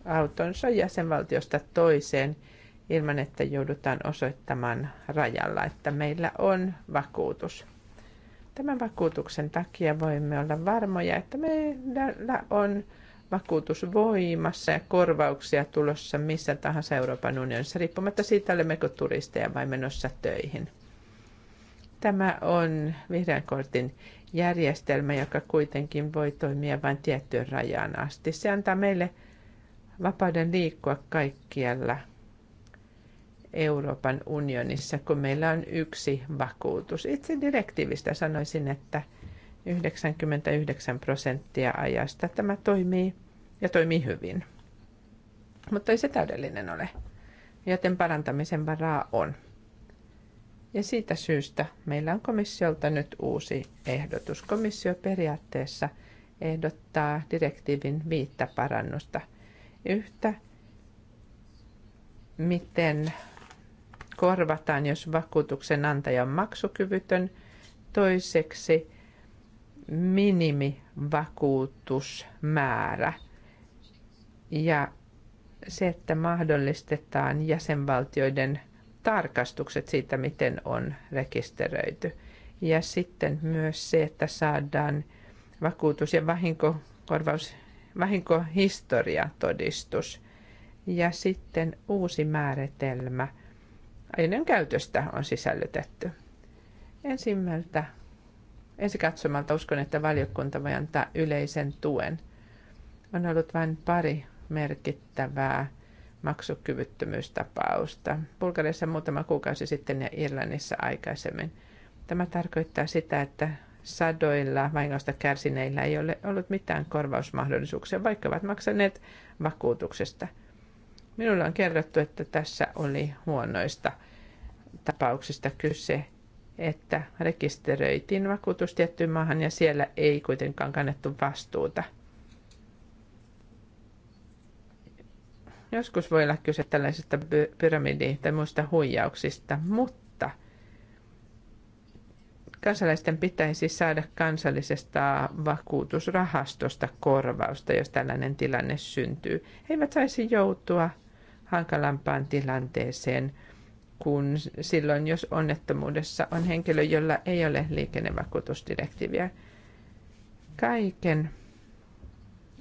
autonsa jäsenvaltiosta toiseen – ilman, että joudutaan osoittamaan rajalla, että meillä on vakuutus. Tämän vakuutuksen takia voimme olla varmoja, että meillä on vakuutus voimassa ja korvauksia tulossa missä tahansa Euroopan unionissa, riippumatta siitä, olemmeko turisteja vai menossa töihin. Tämä on vihreän kortin järjestelmä, joka kuitenkin voi toimia vain tiettyyn rajaan asti. Se antaa meille vapauden liikkua kaikkialla Euroopan unionissa, kun meillä on yksi vakuutus. Itse direktiivistä sanoisin, että 99 prosenttia ajasta tämä toimii ja toimii hyvin. Mutta ei se täydellinen ole, joten parantamisen varaa on. Ja siitä syystä meillä on komissiolta nyt uusi ehdotus. Komissio periaatteessa ehdottaa direktiivin viittä parannusta. Yhtä, miten korvataan, jos vakuutuksen antaja on maksukyvytön. Toiseksi minimivakuutusmäärä ja se, että mahdollistetaan jäsenvaltioiden tarkastukset siitä, miten on rekisteröity. Ja sitten myös se, että saadaan vakuutus- ja vahinkokorvaus, vahinkohistoriatodistus. Ja sitten uusi määritelmä – aineen käytöstä on sisällytetty. Ensimmältä katsomalta uskon, että valiokunta voi antaa yleisen tuen. On ollut vain pari merkittävää maksukyvyttömyystapausta. Bulgariassa muutama kuukausi sitten ja Irlannissa aikaisemmin. Tämä tarkoittaa sitä, että sadoilla vahingosta kärsineillä ei ole ollut mitään korvausmahdollisuuksia, vaikka ovat maksaneet vakuutuksesta – Minulla on kerrottu, että tässä oli huonoista tapauksista kyse, että rekisteröitiin vakuutus tiettyyn maahan ja siellä ei kuitenkaan kannettu vastuuta. Joskus voi olla kyse tällaisista pyramidi- tai muista huijauksista, mutta kansalaisten pitäisi saada kansallisesta vakuutusrahastosta korvausta, jos tällainen tilanne syntyy. He eivät saisi joutua hankalampaan tilanteeseen kuin silloin, jos onnettomuudessa on henkilö, jolla ei ole liikennevakuutusdirektiiviä. Kaiken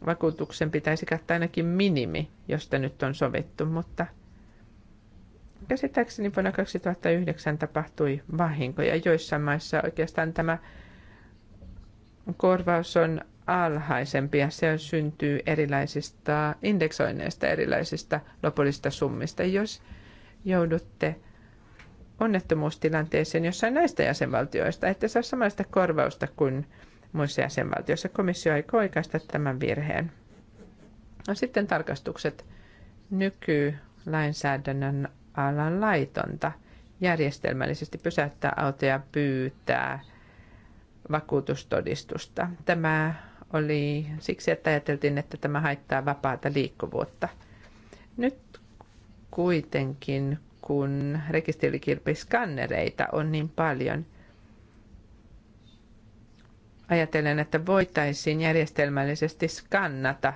vakuutuksen pitäisi kattaa ainakin minimi, josta nyt on sovittu, mutta käsittääkseni vuonna 2009 tapahtui vahinkoja. Joissain maissa oikeastaan tämä korvaus on ja Se syntyy erilaisista indeksoinneista, erilaisista lopullisista summista. Jos joudutte onnettomuustilanteeseen jossain näistä jäsenvaltioista, että saa samaista korvausta kuin muissa jäsenvaltioissa. Komissio ei oikaista tämän virheen. No, sitten tarkastukset nykylainsäädännön alan laitonta järjestelmällisesti pysäyttää autoja pyytää vakuutustodistusta. Tämä oli siksi, että ajateltiin, että tämä haittaa vapaata liikkuvuutta. Nyt kuitenkin, kun rekisterikilpiskannereita on niin paljon, ajatellen, että voitaisiin järjestelmällisesti skannata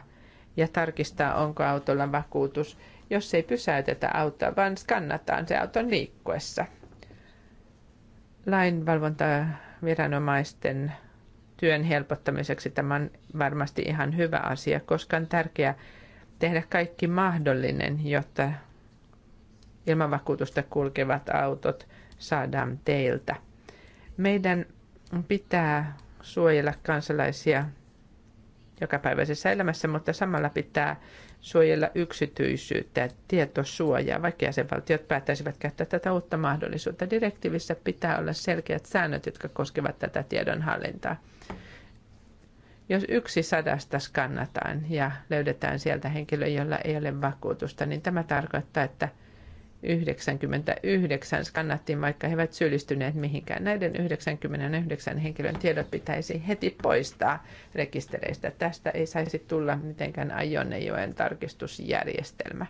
ja tarkistaa, onko autolla vakuutus, jos ei pysäytetä autoa, vaan skannataan se auton liikkuessa. Lainvalvontaviranomaisten työn helpottamiseksi. Tämä on varmasti ihan hyvä asia, koska on tärkeää tehdä kaikki mahdollinen, jotta vakuutusta kulkevat autot saadaan teiltä. Meidän pitää suojella kansalaisia jokapäiväisessä elämässä, mutta samalla pitää suojella yksityisyyttä ja tietosuojaa, vaikka jäsenvaltiot päättäisivät käyttää tätä uutta mahdollisuutta. Direktiivissä pitää olla selkeät säännöt, jotka koskevat tätä tiedonhallintaa. Jos yksi sadasta skannataan ja löydetään sieltä henkilö, jolla ei ole vakuutusta, niin tämä tarkoittaa, että 99 skannattiin, vaikka he eivät syyllistyneet mihinkään. Näiden 99 henkilön tiedot pitäisi heti poistaa rekistereistä. Tästä ei saisi tulla mitenkään Ajonnejoen tarkistusjärjestelmä.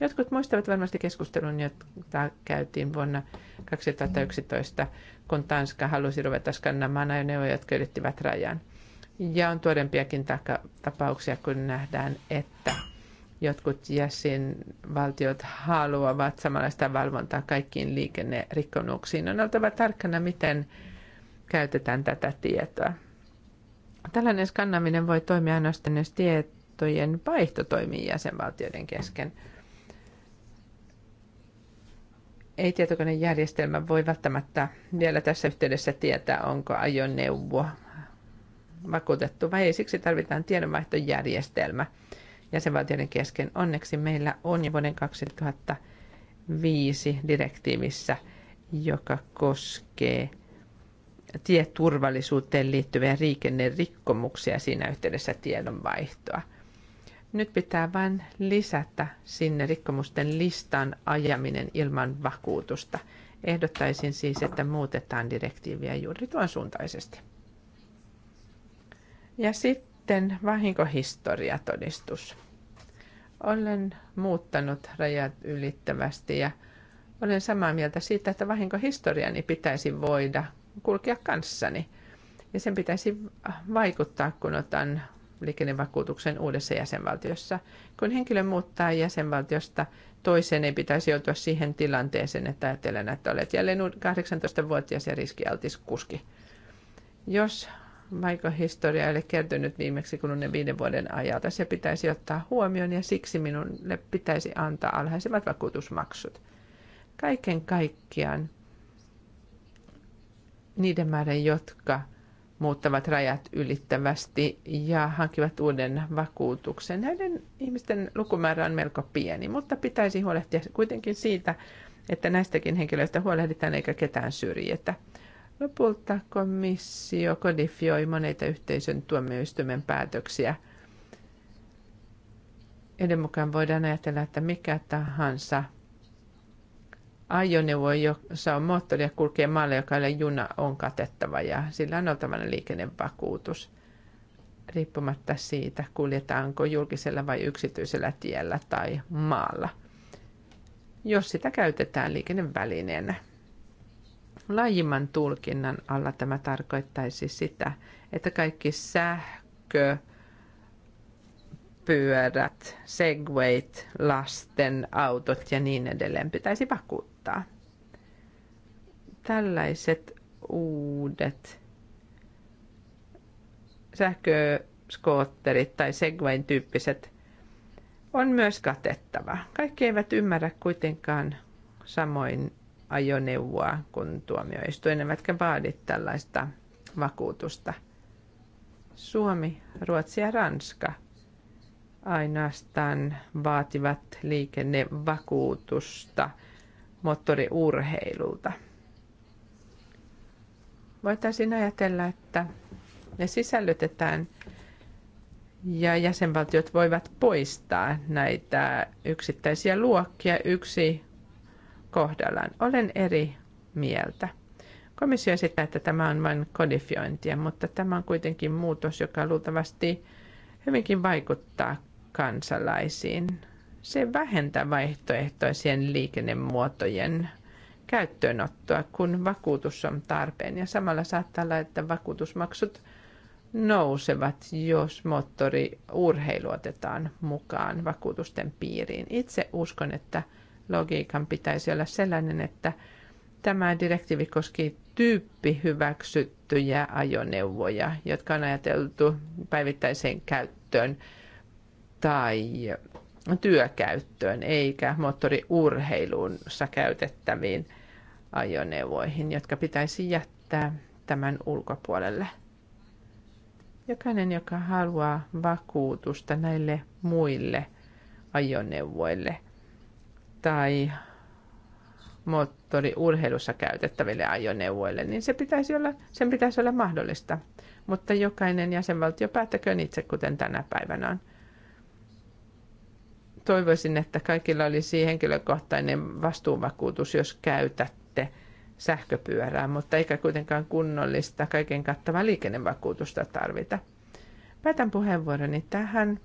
Jotkut muistavat varmasti keskustelun, jota käytiin vuonna 2011, kun Tanska halusi ruveta skannamaan ajoneuvoja, jotka ylittivät rajan. Ja on tuorempiakin tapauksia, kun nähdään, että jotkut jäsenvaltiot haluavat samanlaista valvontaa kaikkiin liikennerikkonuksiin. On oltava tarkkana, miten käytetään tätä tietoa. Tällainen skannaaminen voi toimia ainoastaan, jos tietojen vaihto toimii jäsenvaltioiden kesken. Ei tietokonejärjestelmä voi välttämättä vielä tässä yhteydessä tietää, onko ajoneuvo vakuutettu vai ei. Siksi tarvitaan tiedonvaihtojärjestelmä jäsenvaltioiden kesken. Onneksi meillä on jo vuoden 2005 direktiivissä, joka koskee tieturvallisuuteen liittyviä liikennerikkomuksia siinä yhteydessä tiedonvaihtoa. Nyt pitää vain lisätä sinne rikkomusten listan ajaminen ilman vakuutusta. Ehdottaisin siis, että muutetaan direktiiviä juuri tuon suuntaisesti. Ja sitten vahinkohistoriatodistus. Olen muuttanut rajat ylittävästi ja olen samaa mieltä siitä, että vahinkohistoriani pitäisi voida kulkea kanssani. Ja sen pitäisi vaikuttaa, kun otan liikennevakuutuksen uudessa jäsenvaltiossa. Kun henkilö muuttaa jäsenvaltiosta toiseen, ei pitäisi joutua siihen tilanteeseen, että ajatellen, että olet jälleen 18-vuotias ja riskialtis kuski. Jos vaikka historia ei ole kertynyt viimeksi kuluneen viiden vuoden ajalta. Se pitäisi ottaa huomioon ja siksi minulle pitäisi antaa alhaisemmat vakuutusmaksut. Kaiken kaikkiaan niiden määrän, jotka muuttavat rajat ylittävästi ja hankivat uuden vakuutuksen. Näiden ihmisten lukumäärä on melko pieni, mutta pitäisi huolehtia kuitenkin siitä, että näistäkin henkilöistä huolehditaan eikä ketään syrjetä. Lopulta komissio kodifioi moneita yhteisön tuomioistuimen päätöksiä. Eden mukaan voidaan ajatella, että mikä tahansa ajoneuvo, jossa on moottori ja kulkee maalle, joka ei juna, on katettava ja sillä on oltava liikennevakuutus riippumatta siitä, kuljetaanko julkisella vai yksityisellä tiellä tai maalla, jos sitä käytetään liikennevälineenä laajimman tulkinnan alla tämä tarkoittaisi sitä, että kaikki sähkö, pyörät, segwayt, lasten autot ja niin edelleen pitäisi vakuuttaa. Tällaiset uudet sähköskootterit tai segwayn tyyppiset on myös katettava. Kaikki eivät ymmärrä kuitenkaan samoin ajoneuvoa, kun tuomioistuin eivätkä vaadi tällaista vakuutusta. Suomi, Ruotsi ja Ranska ainoastaan vaativat liikennevakuutusta moottoriurheilulta. Voitaisiin ajatella, että ne sisällytetään ja jäsenvaltiot voivat poistaa näitä yksittäisiä luokkia. Yksi kohdallaan. Olen eri mieltä. Komissio esittää, että tämä on vain kodifiointia, mutta tämä on kuitenkin muutos, joka luultavasti hyvinkin vaikuttaa kansalaisiin. Se vähentää vaihtoehtoisien liikennemuotojen käyttöönottoa, kun vakuutus on tarpeen. Ja samalla saattaa olla, että vakuutusmaksut nousevat, jos moottoriurheilu otetaan mukaan vakuutusten piiriin. Itse uskon, että logiikan pitäisi olla sellainen, että tämä direktiivi koski tyyppi hyväksyttyjä ajoneuvoja, jotka on ajateltu päivittäiseen käyttöön tai työkäyttöön, eikä moottoriurheiluunsa käytettäviin ajoneuvoihin, jotka pitäisi jättää tämän ulkopuolelle. Jokainen, joka haluaa vakuutusta näille muille ajoneuvoille – tai moottoriurheilussa käytettäville ajoneuvoille, niin se pitäisi olla, sen pitäisi olla mahdollista. Mutta jokainen jäsenvaltio päättäköön itse, kuten tänä päivänä on. Toivoisin, että kaikilla olisi henkilökohtainen vastuuvakuutus, jos käytätte sähköpyörää, mutta eikä kuitenkaan kunnollista kaiken kattavaa liikennevakuutusta tarvita. Päätän puheenvuoroni tähän.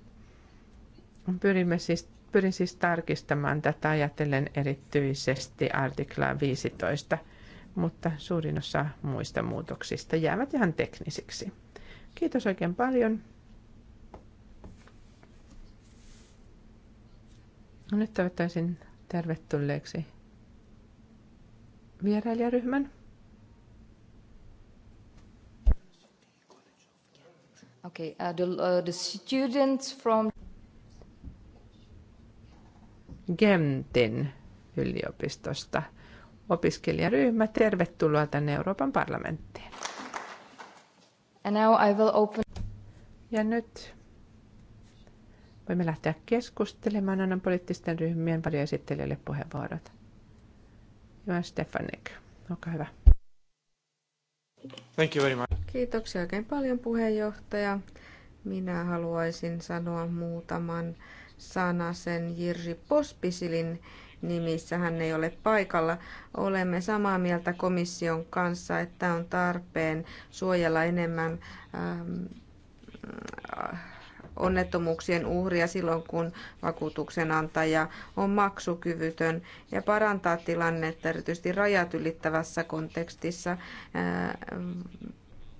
Pyrimme siis Pyrin siis tarkistamaan tätä ajatellen erityisesti artiklaa 15, mutta suurin osa muista muutoksista jäävät ihan teknisiksi. Kiitos oikein paljon. No nyt toivottaisin tervetulleeksi vierailijaryhmän. Okay, uh, the, uh, the students from Gentin yliopistosta opiskelijaryhmä. Tervetuloa tänne Euroopan parlamenttiin. And now I will open... Ja nyt voimme lähteä keskustelemaan. Annan poliittisten ryhmien paljon esittelijöille puheenvuorot. Johan Stefanik, olkaa hyvä. Thank you very much. Kiitoksia oikein paljon puheenjohtaja. Minä haluaisin sanoa muutaman sanasen Jirsi Pospisilin nimissä. Hän ei ole paikalla. Olemme samaa mieltä komission kanssa, että on tarpeen suojella enemmän ähm, äh, onnettomuuksien uhria silloin, kun vakuutuksenantaja on maksukyvytön ja parantaa tilannetta erityisesti rajat ylittävässä kontekstissa. Äh,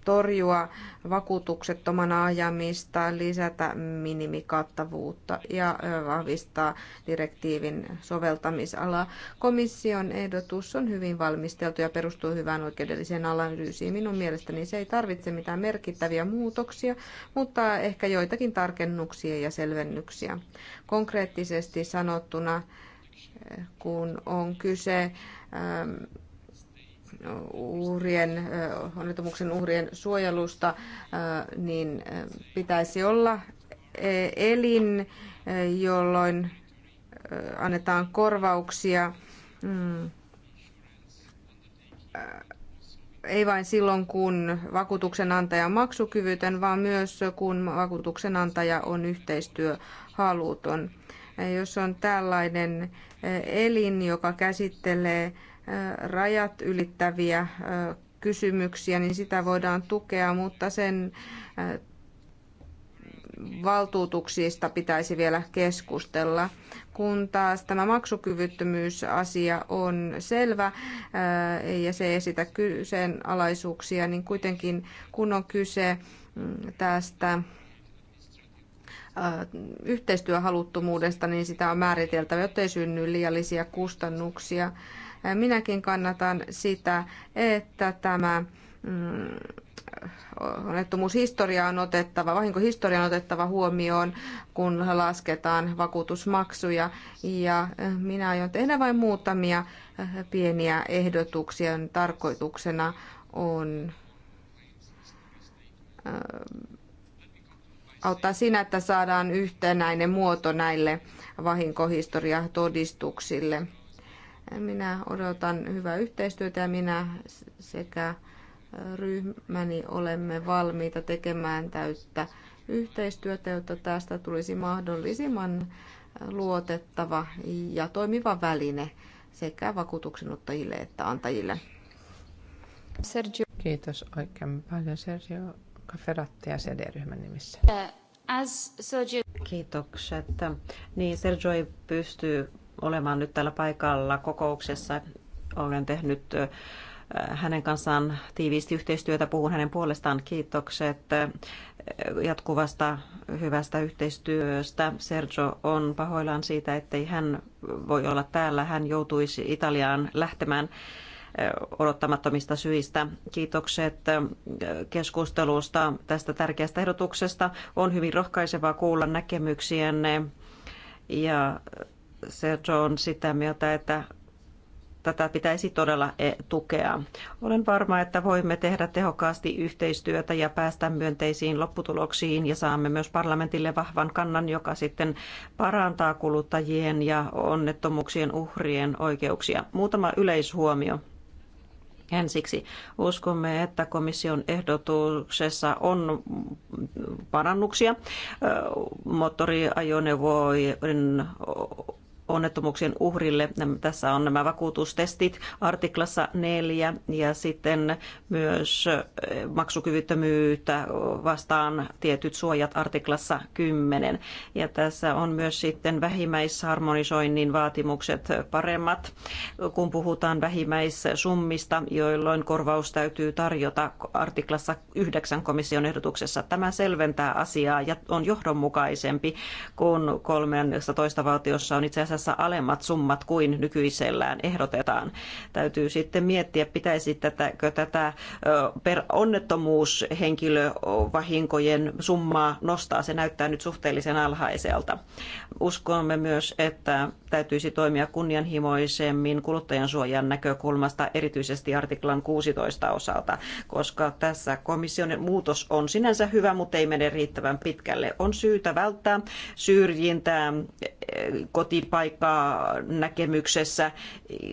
torjua vakuutuksettomana ajamista, lisätä minimikattavuutta ja vahvistaa direktiivin soveltamisalaa. Komission ehdotus on hyvin valmisteltu ja perustuu hyvään oikeudelliseen analyysiin. Minun mielestäni se ei tarvitse mitään merkittäviä muutoksia, mutta ehkä joitakin tarkennuksia ja selvennyksiä. Konkreettisesti sanottuna, kun on kyse uhrien, onnettomuuksien uhrien suojelusta, niin pitäisi olla e, elin, jolloin annetaan korvauksia mm. ei vain silloin, kun antaja on maksukyvytön, vaan myös kun vakuutuksen antaja on yhteistyöhaluton. Jos on tällainen elin, joka käsittelee rajat ylittäviä kysymyksiä, niin sitä voidaan tukea, mutta sen valtuutuksista pitäisi vielä keskustella. Kun taas tämä maksukyvyttömyysasia on selvä ja se ei esitä kyseenalaisuuksia, niin kuitenkin kun on kyse mm, tästä yhteistyöhaluttomuudesta, niin sitä on määriteltävä, ei synny liiallisia kustannuksia. Minäkin kannatan sitä, että tämä mm, onnettomuushistoria on otettava, vahinkohistoria on otettava huomioon, kun lasketaan vakuutusmaksuja. Ja eh, minä aion tehdä vain muutamia eh, pieniä ehdotuksia. Tarkoituksena on eh, auttaa siinä, että saadaan yhtenäinen muoto näille vahinkohistoriatodistuksille. Minä odotan hyvää yhteistyötä ja minä sekä ryhmäni olemme valmiita tekemään täyttä yhteistyötä, jotta tästä tulisi mahdollisimman luotettava ja toimiva väline sekä vakuutuksenottajille että antajille. Sergio. Kiitos oikein paljon Sergio Caferatti ja CD-ryhmän nimissä. As Sergio... Kiitokset. Niin Sergio ei pysty olemaan nyt täällä paikalla kokouksessa. Olen tehnyt hänen kanssaan tiiviisti yhteistyötä. Puhun hänen puolestaan kiitokset jatkuvasta hyvästä yhteistyöstä. Sergio on pahoillaan siitä, ettei hän voi olla täällä. Hän joutuisi Italiaan lähtemään odottamattomista syistä. Kiitokset keskustelusta tästä tärkeästä ehdotuksesta. On hyvin rohkaisevaa kuulla näkemyksienne ja Sergio on sitä mieltä, että tätä pitäisi todella e, tukea. Olen varma, että voimme tehdä tehokkaasti yhteistyötä ja päästä myönteisiin lopputuloksiin ja saamme myös parlamentille vahvan kannan, joka sitten parantaa kuluttajien ja onnettomuuksien uhrien oikeuksia. Muutama yleishuomio. Ensiksi uskomme, että komission ehdotuksessa on parannuksia moottoriajoneuvojen onnettomuuksien uhrille. Tässä on nämä vakuutustestit artiklassa 4 ja sitten myös maksukyvyttömyyttä vastaan tietyt suojat artiklassa 10. Ja tässä on myös sitten vähimmäisharmonisoinnin vaatimukset paremmat, kun puhutaan vähimmäissummista, jolloin korvaus täytyy tarjota artiklassa 9 komission ehdotuksessa. Tämä selventää asiaa ja on johdonmukaisempi, kun 13 valtiossa on itse asiassa kanssa alemmat summat kuin nykyisellään ehdotetaan. Täytyy sitten miettiä, pitäisi tätäkö tätä per onnettomuushenkilövahinkojen summaa nostaa. Se näyttää nyt suhteellisen alhaiselta. Uskomme myös, että täytyisi toimia kunnianhimoisemmin kuluttajansuojan näkökulmasta, erityisesti artiklan 16 osalta, koska tässä komission muutos on sinänsä hyvä, mutta ei mene riittävän pitkälle. On syytä välttää syrjintää kotipaikkaa näkemyksessä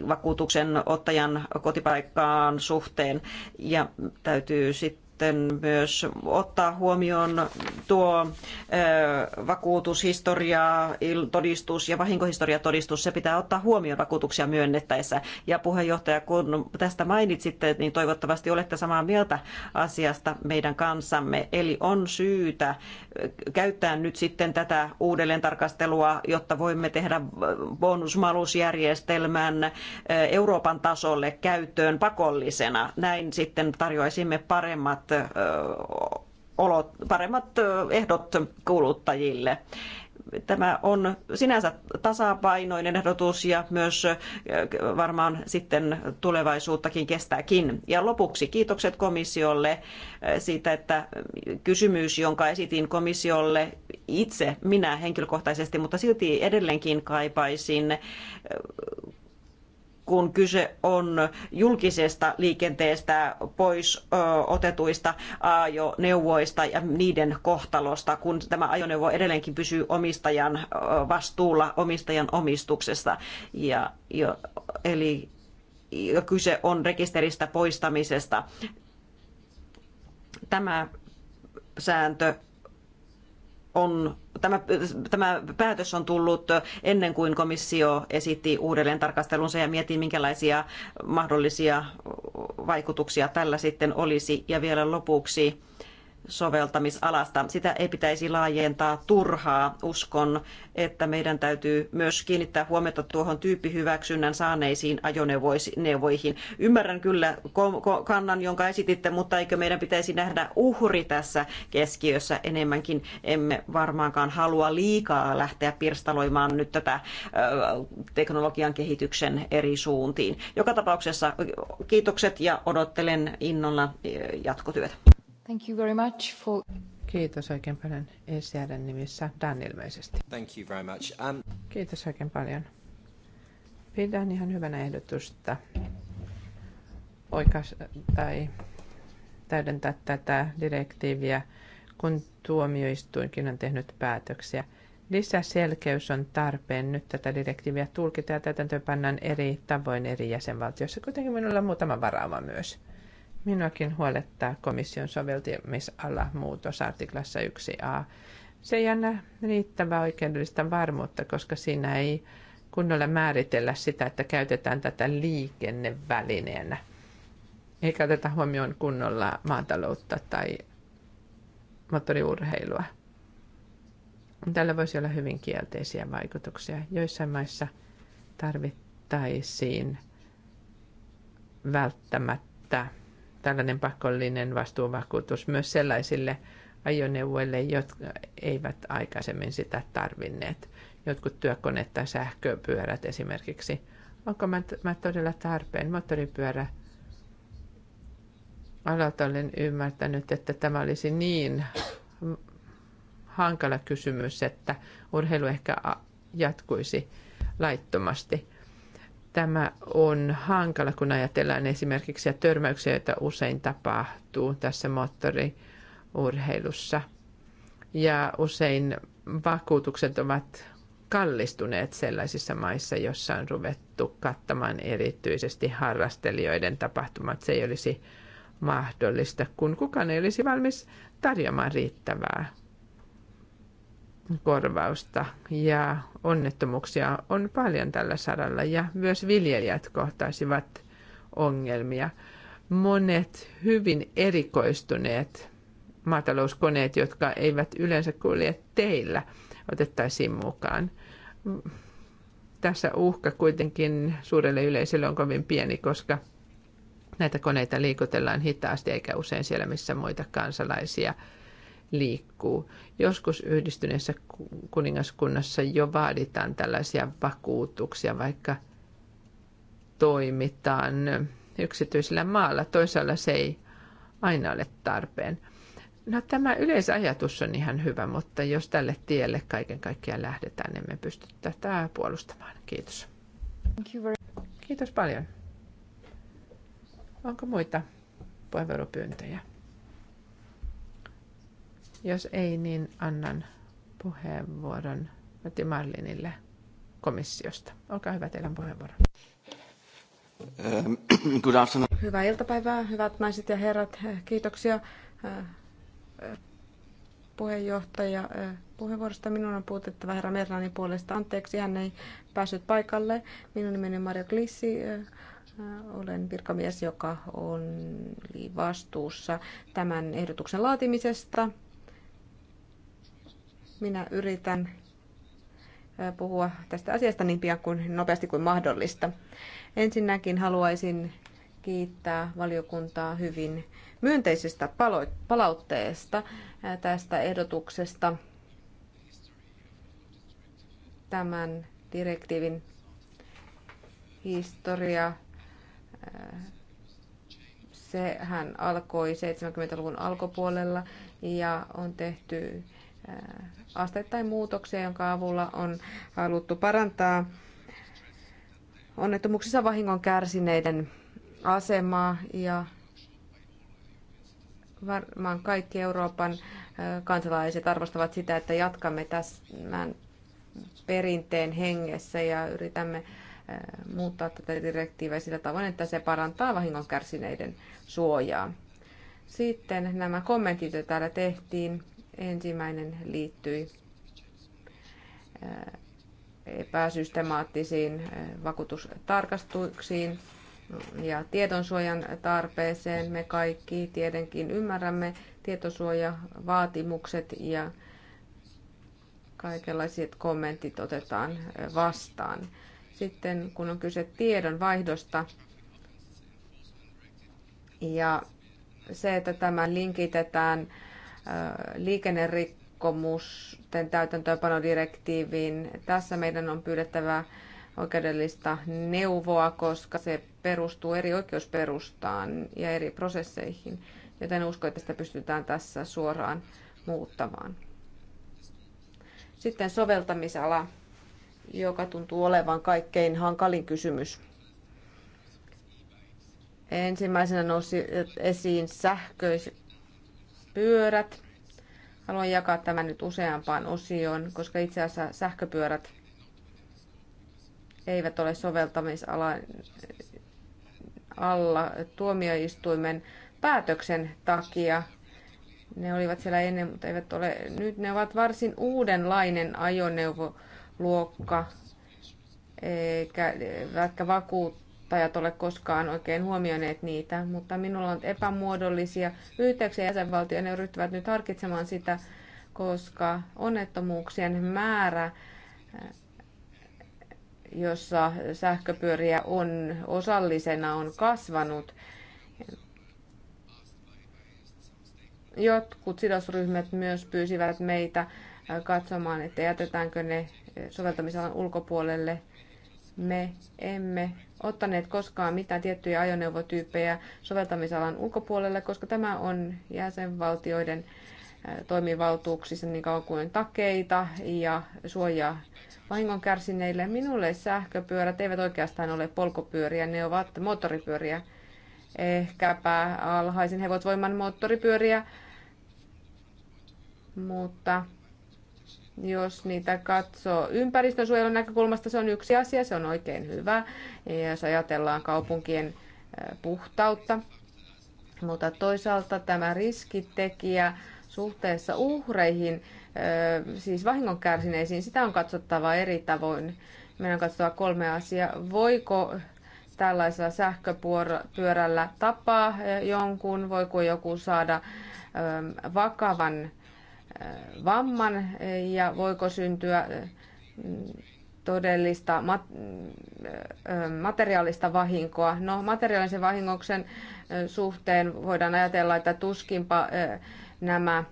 vakuutuksen ottajan kotipaikkaan suhteen. Ja täytyy sitten sitten myös ottaa huomioon tuo vakuutushistoria, todistus ja vahinkohistoriatodistus, se pitää ottaa huomioon vakuutuksia myönnettäessä. Ja puheenjohtaja, kun tästä mainitsitte, niin toivottavasti olette samaa mieltä asiasta meidän kanssamme. Eli on syytä käyttää nyt sitten tätä uudelleen tarkastelua, jotta voimme tehdä bonusmalusjärjestelmän Euroopan tasolle käyttöön pakollisena. Näin sitten tarjoaisimme paremmat olot, paremmat ehdot kuluttajille. Tämä on sinänsä tasapainoinen ehdotus ja myös varmaan sitten tulevaisuuttakin kestääkin. Ja lopuksi kiitokset komissiolle siitä, että kysymys, jonka esitin komissiolle itse, minä henkilökohtaisesti, mutta silti edelleenkin kaipaisin kun kyse on julkisesta liikenteestä pois otetuista ajoneuvoista ja niiden kohtalosta, kun tämä ajoneuvo edelleenkin pysyy omistajan vastuulla, omistajan omistuksessa. Ja, eli ja kyse on rekisteristä poistamisesta. Tämä sääntö on, tämä, tämä päätös on tullut ennen kuin komissio esitti uudelleen tarkastelunsa ja mietti minkälaisia mahdollisia vaikutuksia tällä sitten olisi. Ja vielä lopuksi soveltamisalasta. Sitä ei pitäisi laajentaa turhaa. Uskon, että meidän täytyy myös kiinnittää huomiota tuohon tyyppihyväksynnän saaneisiin ajoneuvoihin. Ymmärrän kyllä kannan, jonka esititte, mutta eikö meidän pitäisi nähdä uhri tässä keskiössä enemmänkin. Emme varmaankaan halua liikaa lähteä pirstaloimaan nyt tätä teknologian kehityksen eri suuntiin. Joka tapauksessa kiitokset ja odottelen innolla jatkotyötä. Thank you very much for... Kiitos oikein paljon ECRn nimissä Dan ilmeisesti. Thank you very much. Um... Kiitos oikein paljon. Pidän ihan hyvänä ehdotusta oikas tai täydentää tätä direktiiviä, kun tuomioistuinkin on tehnyt päätöksiä. Lisäselkeys on tarpeen nyt tätä direktiiviä tulkita ja täytäntöönpannaan eri tavoin eri jäsenvaltioissa. Kuitenkin minulla on muutama varaama myös. Minuakin huolettaa komission soveltamisala muutos artiklassa 1a. Se ei anna riittävää oikeudellista varmuutta, koska siinä ei kunnolla määritellä sitä, että käytetään tätä liikennevälineenä. Eikä oteta huomioon kunnolla maataloutta tai moottoriurheilua. Tällä voisi olla hyvin kielteisiä vaikutuksia. Joissain maissa tarvittaisiin välttämättä tällainen pakollinen vastuuvakuutus myös sellaisille ajoneuvoille, jotka eivät aikaisemmin sitä tarvinneet. Jotkut työkoneet tai sähköpyörät esimerkiksi. Onko mä, mä todella tarpeen? Moottoripyörä alalta olen ymmärtänyt, että tämä olisi niin hankala kysymys, että urheilu ehkä jatkuisi laittomasti tämä on hankala, kun ajatellaan esimerkiksi törmäyksiä, joita usein tapahtuu tässä moottoriurheilussa. Ja usein vakuutukset ovat kallistuneet sellaisissa maissa, joissa on ruvettu kattamaan erityisesti harrastelijoiden tapahtumat. Se ei olisi mahdollista, kun kukaan ei olisi valmis tarjoamaan riittävää korvausta ja onnettomuuksia on paljon tällä saralla ja myös viljelijät kohtaisivat ongelmia. Monet hyvin erikoistuneet maatalouskoneet, jotka eivät yleensä kulje teillä, otettaisiin mukaan. Tässä uhka kuitenkin suurelle yleisölle on kovin pieni, koska näitä koneita liikutellaan hitaasti eikä usein siellä, missä muita kansalaisia – liikkuu. Joskus yhdistyneessä kuningaskunnassa jo vaaditaan tällaisia vakuutuksia, vaikka toimitaan yksityisellä maalla. Toisaalla se ei aina ole tarpeen. No tämä yleisajatus on ihan hyvä, mutta jos tälle tielle kaiken kaikkiaan lähdetään, emme niin pysty tätä puolustamaan. Kiitos. Kiitos paljon. Onko muita puheenvuoropyyntöjä? Jos ei, niin annan puheenvuoron Matti Marlinille komissiosta. Olkaa hyvä, teidän puheenvuoro. Äh, Hyvää iltapäivää, hyvät naiset ja herrat. Äh, kiitoksia äh, puheenjohtaja puheenvuorosta. Minun on puutettava herra Merlanin puolesta. Anteeksi, hän ei päässyt paikalle. Minun nimeni on Maria Klissi. Olen virkamies, joka on vastuussa tämän ehdotuksen laatimisesta. Minä yritän puhua tästä asiasta niin pian kuin nopeasti kuin mahdollista. Ensinnäkin haluaisin kiittää valiokuntaa hyvin myönteisestä palautteesta tästä ehdotuksesta tämän direktiivin historia. Sehän alkoi 70-luvun alkupuolella ja on tehty asteittain muutoksia, jonka avulla on haluttu parantaa onnettomuuksissa vahingon kärsineiden asemaa ja varmaan kaikki Euroopan kansalaiset arvostavat sitä, että jatkamme tämän perinteen hengessä ja yritämme muuttaa tätä direktiiviä sillä tavoin, että se parantaa vahingon kärsineiden suojaa. Sitten nämä kommentit, joita täällä tehtiin Ensimmäinen liittyi epäsystemaattisiin vakuutustarkastuksiin ja tietonsuojan tarpeeseen. Me kaikki tietenkin ymmärrämme tietosuojavaatimukset ja kaikenlaiset kommentit otetaan vastaan. Sitten kun on kyse tiedonvaihdosta ja se, että tämä linkitetään liikennerikkomusten täytäntöönpanodirektiiviin. Tässä meidän on pyydettävä oikeudellista neuvoa, koska se perustuu eri oikeusperustaan ja eri prosesseihin, joten usko, että sitä pystytään tässä suoraan muuttamaan. Sitten soveltamisala, joka tuntuu olevan kaikkein hankalin kysymys. Ensimmäisenä nousi esiin sähköiset sähköpyörät. Haluan jakaa tämän nyt useampaan osioon, koska itse asiassa sähköpyörät eivät ole soveltamisalan alla tuomioistuimen päätöksen takia. Ne olivat siellä ennen, mutta eivät ole. Nyt ne ovat varsin uudenlainen ajoneuvoluokka, eikä vaikka vakuut kuluttajat ole koskaan oikein huomioineet niitä, mutta minulla on epämuodollisia yhteyksiä jäsenvaltio Ne ryhtyvät nyt harkitsemaan sitä, koska onnettomuuksien määrä, jossa sähköpyöriä on osallisena, on kasvanut. Jotkut sidosryhmät myös pyysivät meitä katsomaan, että jätetäänkö ne soveltamisalan ulkopuolelle. Me emme ottaneet koskaan mitään tiettyjä ajoneuvotyyppejä soveltamisalan ulkopuolelle, koska tämä on jäsenvaltioiden toimivaltuuksissa niin kauan kuin takeita ja suojaa vahingon kärsineille. Minulle sähköpyörät eivät oikeastaan ole polkupyöriä, ne ovat moottoripyöriä. Ehkäpä alhaisen hevosvoiman moottoripyöriä, mutta jos niitä katsoo ympäristönsuojelun näkökulmasta, se on yksi asia, se on oikein hyvä. Ja jos ajatellaan kaupunkien puhtautta, mutta toisaalta tämä riskitekijä suhteessa uhreihin, siis vahingon kärsineisiin, sitä on katsottava eri tavoin. Meidän on katsottava kolme asiaa. Voiko tällaisella sähköpyörällä tapaa jonkun, voiko joku saada vakavan vamman ja voiko syntyä todellista materiaalista vahinkoa. No, materiaalisen vahingoksen suhteen voidaan ajatella, että tuskinpa nämä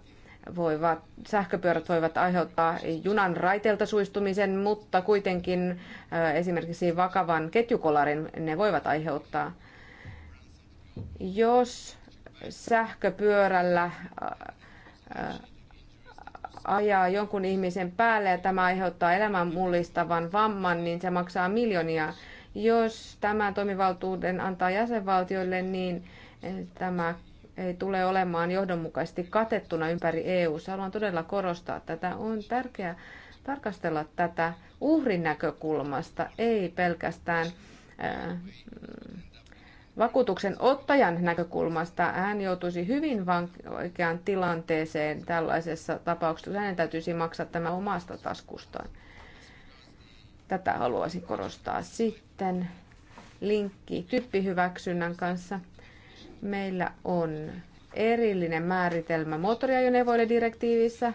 voivat, sähköpyörät voivat aiheuttaa junan raiteelta suistumisen, mutta kuitenkin esimerkiksi vakavan ketjukolarin ne voivat aiheuttaa. Jos sähköpyörällä ajaa jonkun ihmisen päälle ja tämä aiheuttaa elämän mullistavan vamman, niin se maksaa miljoonia. Jos tämä toimivaltuuden antaa jäsenvaltioille, niin eh, tämä ei tule olemaan johdonmukaisesti katettuna ympäri EU. Haluan todella korostaa tätä. On tärkeää tarkastella tätä uhrin näkökulmasta, ei pelkästään eh, vakuutuksen ottajan näkökulmasta hän joutuisi hyvin vaikeaan tilanteeseen tällaisessa tapauksessa. Hänen täytyisi maksaa tämä omasta taskustaan. Tätä haluaisin korostaa sitten. Linkki tyyppihyväksynnän kanssa. Meillä on erillinen määritelmä moottoriajoneuvoille direktiivissä.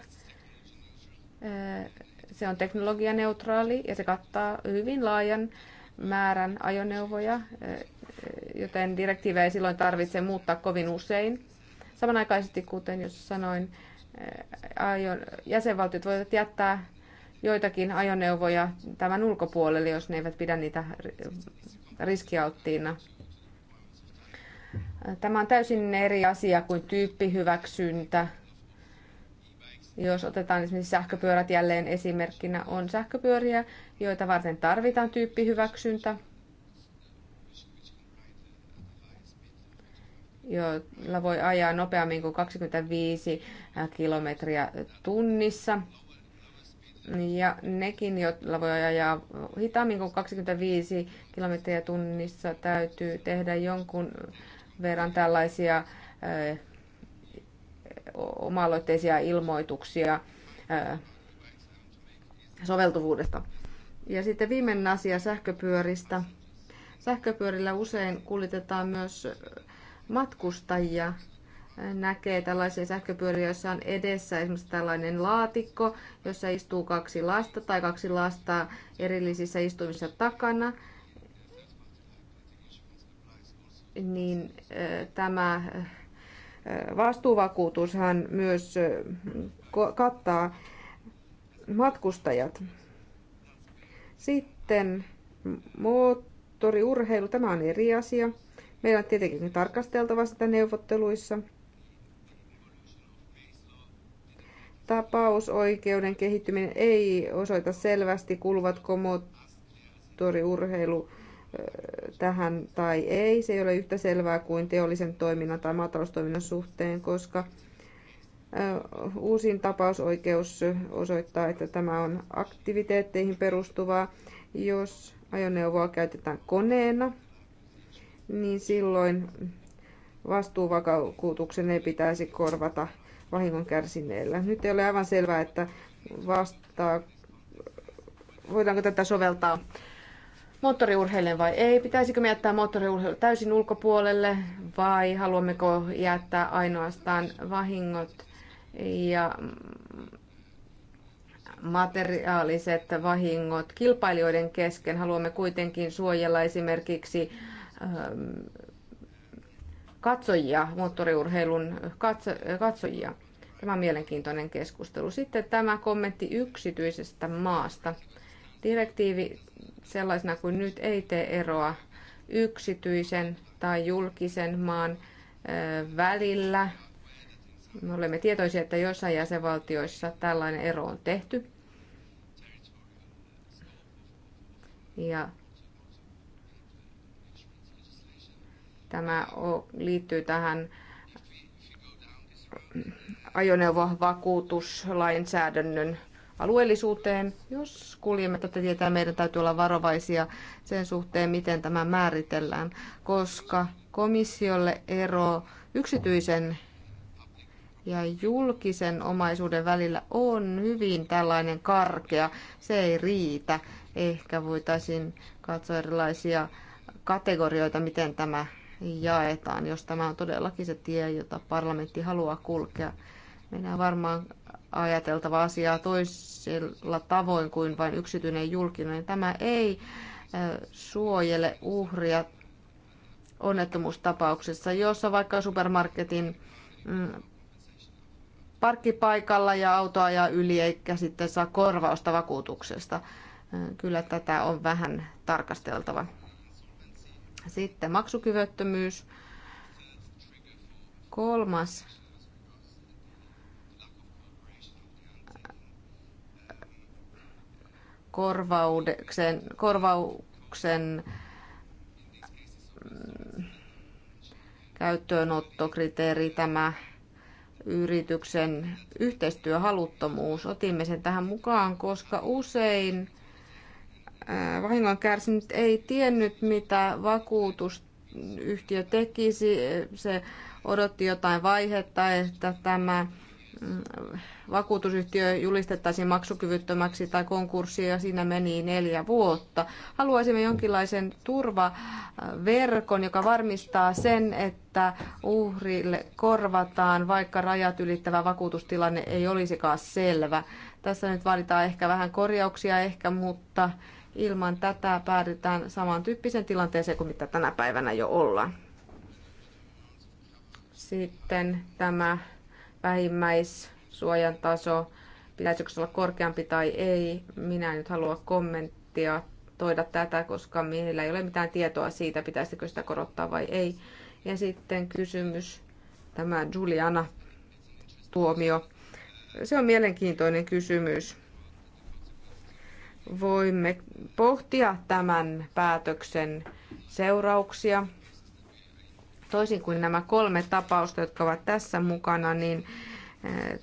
Se on teknologianeutraali ja se kattaa hyvin laajan määrän ajoneuvoja, eh, joten direktiivejä ei silloin tarvitse muuttaa kovin usein. Samanaikaisesti, kuten jos sanoin, eh, jäsenvaltiot voivat jättää joitakin ajoneuvoja tämän ulkopuolelle, jos ne eivät pidä niitä riskialttiina. Tämä on täysin eri asia kuin tyyppihyväksyntä jos otetaan esimerkiksi sähköpyörät jälleen esimerkkinä, on sähköpyöriä, joita varten tarvitaan tyyppihyväksyntä, joilla voi ajaa nopeammin kuin 25 kilometriä tunnissa. Ja nekin, joilla voi ajaa hitaammin kuin 25 kilometriä tunnissa, täytyy tehdä jonkun verran tällaisia eh, oma-aloitteisia ilmoituksia soveltuvuudesta. Ja sitten viimeinen asia sähköpyöristä. Sähköpyörillä usein kuljetetaan myös matkustajia. Näkee tällaisia sähköpyöriä, joissa on edessä esimerkiksi tällainen laatikko, jossa istuu kaksi lasta tai kaksi lasta erillisissä istuimissa takana. Niin tämä vastuuvakuutushan myös kattaa matkustajat. Sitten moottoriurheilu, tämä on eri asia. Meillä on tietenkin tarkasteltava sitä neuvotteluissa. Tapausoikeuden kehittyminen ei osoita selvästi, kuuluvatko moottoriurheilu tähän tai ei. Se ei ole yhtä selvää kuin teollisen toiminnan tai maataloustoiminnan suhteen, koska uusin tapausoikeus osoittaa, että tämä on aktiviteetteihin perustuvaa. Jos ajoneuvoa käytetään koneena, niin silloin vastuuvakuutuksen ei pitäisi korvata vahingon kärsineellä. Nyt ei ole aivan selvää, että vastaa, voidaanko tätä soveltaa moottoriurheilijan vai ei? Pitäisikö me jättää moottoriurheilu täysin ulkopuolelle vai haluammeko jättää ainoastaan vahingot ja materiaaliset vahingot kilpailijoiden kesken? Haluamme kuitenkin suojella esimerkiksi ähm, katsojia, moottoriurheilun katsojia. Tämä on mielenkiintoinen keskustelu. Sitten tämä kommentti yksityisestä maasta. Direktiivi sellaisena kuin nyt ei tee eroa yksityisen tai julkisen maan välillä. Me olemme tietoisia, että joissain jäsenvaltioissa tällainen ero on tehty. Ja tämä liittyy tähän ajoneuvovakuutuslainsäädännön alueellisuuteen. Jos kuljemme tätä tietää, meidän täytyy olla varovaisia sen suhteen, miten tämä määritellään, koska komissiolle ero yksityisen ja julkisen omaisuuden välillä on hyvin tällainen karkea. Se ei riitä. Ehkä voitaisiin katsoa erilaisia kategorioita, miten tämä jaetaan, jos tämä on todellakin se tie, jota parlamentti haluaa kulkea. Meidän varmaan ajateltava asiaa toisella tavoin kuin vain yksityinen julkinen. Tämä ei suojele uhria onnettomuustapauksessa, jossa vaikka supermarketin mm, parkkipaikalla ja auto ajaa yli eikä sitten saa korvausta vakuutuksesta. Kyllä tätä on vähän tarkasteltava. Sitten maksukyvyttömyys. Kolmas korvauksen, korvauksen mm, käyttöönottokriteeri, tämä yrityksen yhteistyöhaluttomuus. Otimme sen tähän mukaan, koska usein vahingon kärsinyt ei tiennyt, mitä vakuutusyhtiö tekisi. Se odotti jotain vaihetta, että tämä mm, vakuutusyhtiö julistettaisiin maksukyvyttömäksi tai konkurssi ja siinä meni neljä vuotta. Haluaisimme jonkinlaisen turvaverkon, joka varmistaa sen, että uhrille korvataan, vaikka rajat ylittävä vakuutustilanne ei olisikaan selvä. Tässä nyt vaaditaan ehkä vähän korjauksia ehkä, mutta ilman tätä päädytään samantyyppiseen tilanteeseen kuin mitä tänä päivänä jo ollaan. Sitten tämä vähimmäis suojan taso, pitäisikö se olla korkeampi tai ei. Minä en nyt halua kommenttia toida tätä, koska meillä ei ole mitään tietoa siitä, pitäisikö sitä korottaa vai ei. Ja sitten kysymys, tämä Juliana tuomio. Se on mielenkiintoinen kysymys. Voimme pohtia tämän päätöksen seurauksia. Toisin kuin nämä kolme tapausta, jotka ovat tässä mukana, niin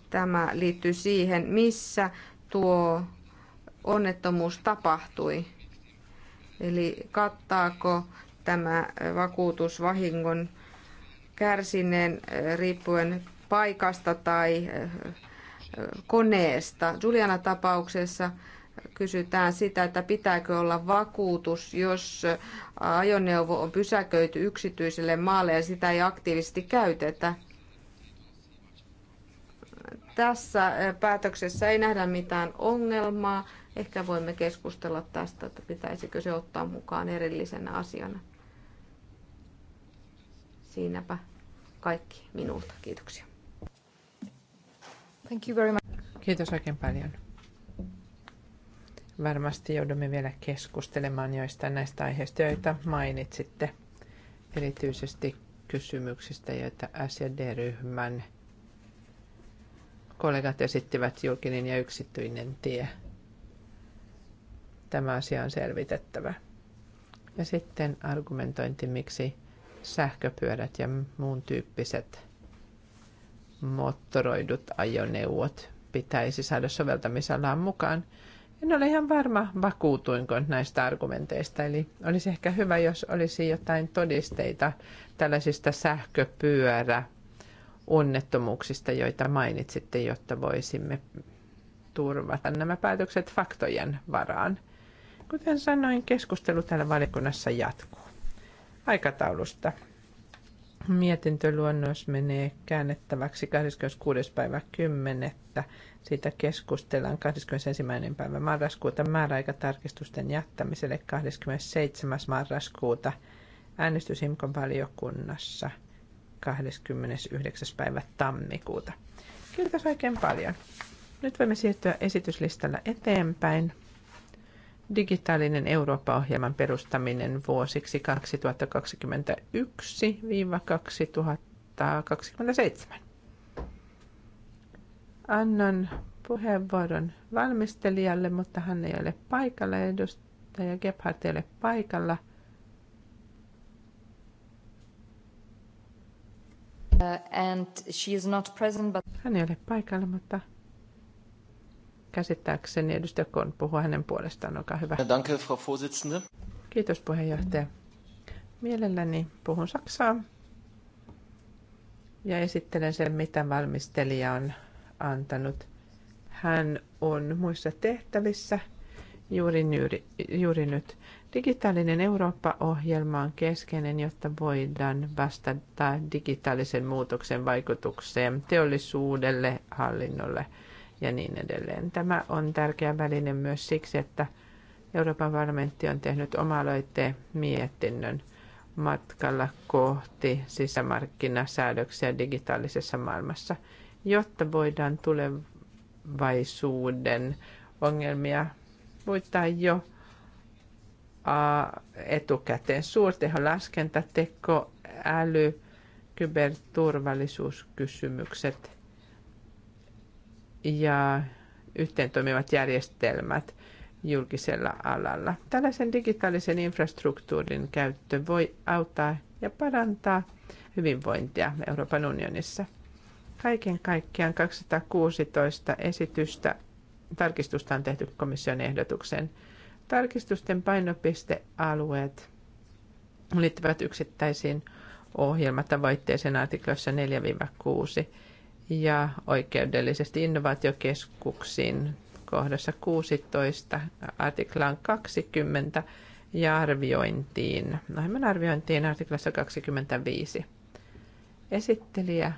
Tämä liittyy siihen, missä tuo onnettomuus tapahtui. Eli kattaako tämä vakuutusvahingon kärsineen äh, riippuen paikasta tai äh, koneesta. Juliana tapauksessa kysytään sitä, että pitääkö olla vakuutus, jos äh, ajoneuvo on pysäköity yksityiselle maalle ja sitä ei aktiivisesti käytetä. Tässä päätöksessä ei nähdä mitään ongelmaa. Ehkä voimme keskustella tästä, että pitäisikö se ottaa mukaan erillisenä asiana. Siinäpä kaikki minulta. Kiitoksia. Thank you very much. Kiitos oikein paljon. Varmasti joudumme vielä keskustelemaan joistain näistä aiheista, joita mainitsitte, erityisesti kysymyksistä, joita SD-ryhmän kollegat esittivät julkinen ja yksityinen tie. Tämä asia on selvitettävä. Ja sitten argumentointi, miksi sähköpyörät ja muun tyyppiset moottoroidut ajoneuvot pitäisi saada soveltamisalaan mukaan. En ole ihan varma, vakuutuinko näistä argumenteista. Eli olisi ehkä hyvä, jos olisi jotain todisteita tällaisista sähköpyörä onnettomuuksista, joita mainitsitte, jotta voisimme turvata nämä päätökset faktojen varaan. Kuten sanoin, keskustelu täällä valiokunnassa jatkuu. Aikataulusta. Mietintöluonnos menee käännettäväksi 26. päivä 10. Siitä keskustellaan 21. päivä marraskuuta määräaikatarkistusten jättämiselle 27. marraskuuta äänestysimkon valiokunnassa – 29. päivä tammikuuta. Kiitos oikein paljon. Nyt voimme siirtyä esityslistalla eteenpäin. Digitaalinen Eurooppa-ohjelman perustaminen vuosiksi 2021-2027. Annan puheenvuoron valmistelijalle, mutta hän ei ole paikalla. Edustaja Gebhardt ei ole paikalla. Uh, and she is not present, but... Hän ei ole paikalla, mutta käsittääkseni edustaja Kohn puhuu hänen puolestaan. Olkaa hyvä. Danke, Frau Vorsitzende. Kiitos puheenjohtaja. Mielelläni puhun saksaa ja esittelen sen, mitä valmistelija on antanut. Hän on muissa tehtävissä juuri, juuri nyt. Digitaalinen Eurooppa-ohjelma on keskeinen, jotta voidaan vastata digitaalisen muutoksen vaikutukseen teollisuudelle, hallinnolle ja niin edelleen. Tämä on tärkeä väline myös siksi, että Euroopan parlamentti on tehnyt oma mietinnön matkalla kohti sisämarkkinasäädöksiä digitaalisessa maailmassa, jotta voidaan tulevaisuuden ongelmia voittaa jo etukäteen. Suurteholaskenta, äly, kyberturvallisuuskysymykset ja yhteen toimivat järjestelmät julkisella alalla. Tällaisen digitaalisen infrastruktuurin käyttö voi auttaa ja parantaa hyvinvointia Euroopan unionissa. Kaiken kaikkiaan 216 esitystä tarkistusta on tehty komission ehdotuksen Tarkistusten painopistealueet liittyvät yksittäisiin ohjelmatavoitteisiin artikloissa 4-6 ja oikeudellisesti innovaatiokeskuksiin kohdassa 16, artiklaan 20 ja arviointiin, ohjelman arviointiin artiklassa 25. Esittelijä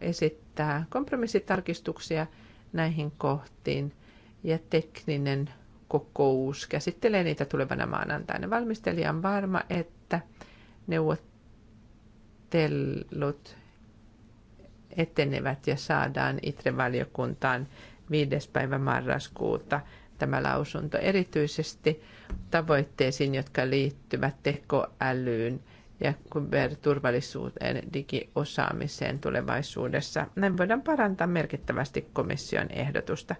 esittää kompromissitarkistuksia näihin kohtiin ja tekninen kokous käsittelee niitä tulevana maanantaina. Valmistelija on varma, että neuvottelut etenevät ja saadaan ITRE-valiokuntaan 5. päivä marraskuuta tämä lausunto erityisesti tavoitteisiin, jotka liittyvät tekoälyyn ja kyberturvallisuuteen digiosaamiseen tulevaisuudessa. Näin voidaan parantaa merkittävästi komission ehdotusta.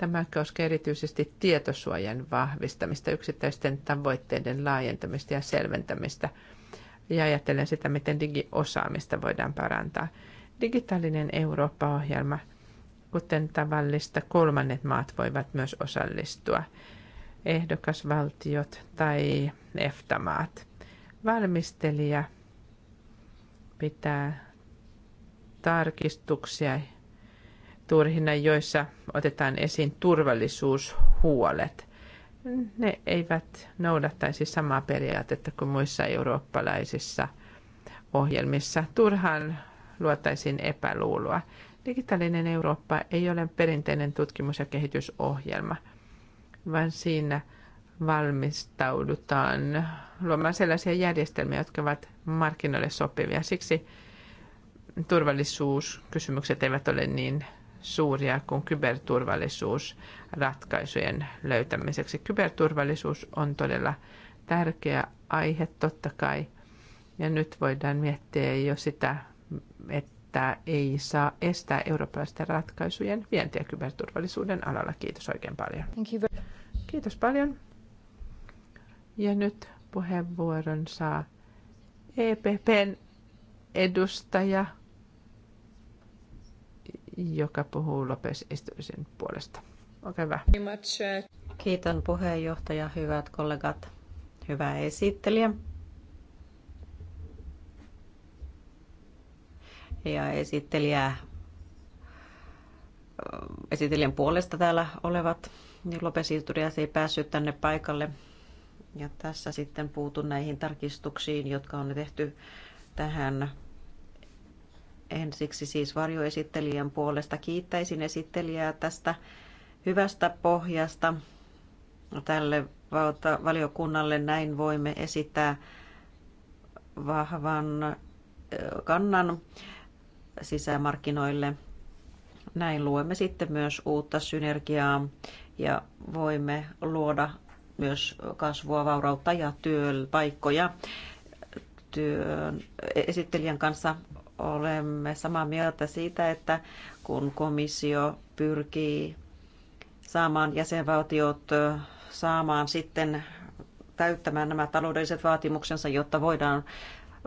Tämä koskee erityisesti tietosuojan vahvistamista, yksittäisten tavoitteiden laajentamista ja selventämistä ja ajatellen sitä, miten digiosaamista voidaan parantaa. Digitaalinen Eurooppa-ohjelma, kuten tavallista, kolmannet maat voivat myös osallistua, ehdokasvaltiot tai EFTA-maat. Valmistelija pitää tarkistuksia turhina, joissa otetaan esiin turvallisuushuolet. Ne eivät noudattaisi samaa periaatetta kuin muissa eurooppalaisissa ohjelmissa. Turhaan luotaisiin epäluuloa. Digitaalinen Eurooppa ei ole perinteinen tutkimus- ja kehitysohjelma, vaan siinä valmistaudutaan luomaan sellaisia järjestelmiä, jotka ovat markkinoille sopivia. Siksi turvallisuuskysymykset eivät ole niin suuria kuin kyberturvallisuusratkaisujen löytämiseksi. Kyberturvallisuus on todella tärkeä aihe totta kai. Ja nyt voidaan miettiä jo sitä, että ei saa estää eurooppalaisten ratkaisujen vientiä kyberturvallisuuden alalla. Kiitos oikein paljon. Kiitos paljon. Ja nyt puheenvuoron saa EPPn edustaja joka puhuu Lopes Estuisen puolesta. Olkaa hyvä. Kiitän puheenjohtaja, hyvät kollegat, hyvä esittelijä. Ja esittelijä, esittelijän puolesta täällä olevat, niin Lopes Isturias ei päässyt tänne paikalle. Ja tässä sitten puutun näihin tarkistuksiin, jotka on tehty tähän Ensiksi siis varjoesittelijän puolesta kiittäisin esittelijää tästä hyvästä pohjasta tälle valiokunnalle. Näin voimme esittää vahvan kannan sisämarkkinoille. Näin luemme sitten myös uutta synergiaa ja voimme luoda myös kasvua, vaurautta ja työpaikkoja. Työn e, esittelijän kanssa olemme samaa mieltä siitä, että kun komissio pyrkii saamaan jäsenvaltiot saamaan sitten täyttämään nämä taloudelliset vaatimuksensa, jotta voidaan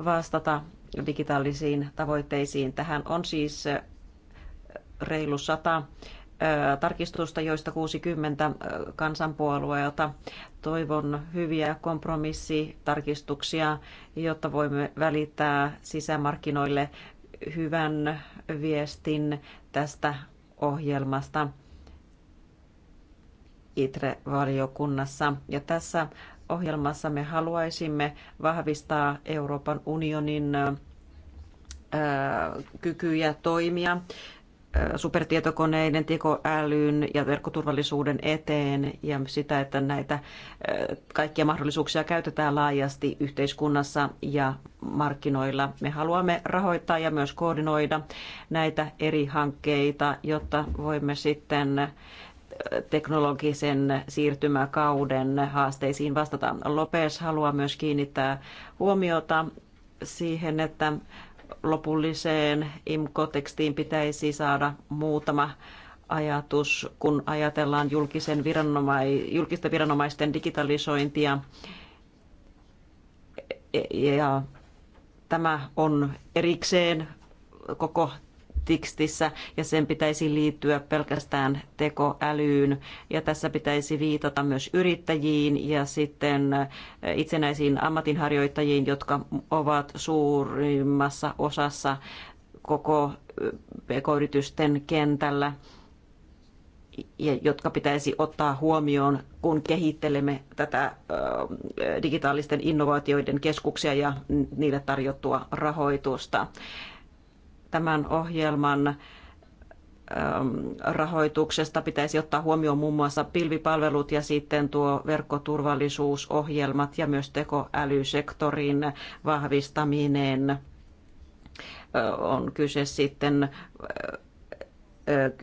vastata digitaalisiin tavoitteisiin. Tähän on siis reilu sata tarkistusta, joista 60 kansanpuolueelta Toivon hyviä kompromissitarkistuksia, jotta voimme välittää sisämarkkinoille hyvän viestin tästä ohjelmasta ITRE-valiokunnassa. Ja tässä ohjelmassa me haluaisimme vahvistaa Euroopan unionin kykyjä toimia supertietokoneiden, tekoälyn ja verkkoturvallisuuden eteen ja sitä, että näitä kaikkia mahdollisuuksia käytetään laajasti yhteiskunnassa ja markkinoilla. Me haluamme rahoittaa ja myös koordinoida näitä eri hankkeita, jotta voimme sitten teknologisen siirtymäkauden haasteisiin vastata. Lopes haluaa myös kiinnittää huomiota siihen, että lopulliseen IMKO-tekstiin pitäisi saada muutama ajatus, kun ajatellaan julkisen viranoma- julkisten viranomaisten digitalisointia. E, ja tämä on erikseen koko tekstissä ja sen pitäisi liittyä pelkästään tekoälyyn. Ja tässä pitäisi viitata myös yrittäjiin ja sitten eh, itsenäisiin ammatinharjoittajiin, jotka ovat suurimmassa osassa koko eh, pk-yritysten kentällä ja jotka pitäisi ottaa huomioon, kun kehittelemme tätä eh, digitaalisten innovaatioiden keskuksia ja niille tarjottua rahoitusta tämän ohjelman ähm, rahoituksesta pitäisi ottaa huomioon muun muassa pilvipalvelut ja sitten tuo verkkoturvallisuusohjelmat ja myös tekoälysektorin vahvistaminen. Äh, on kyse sitten äh,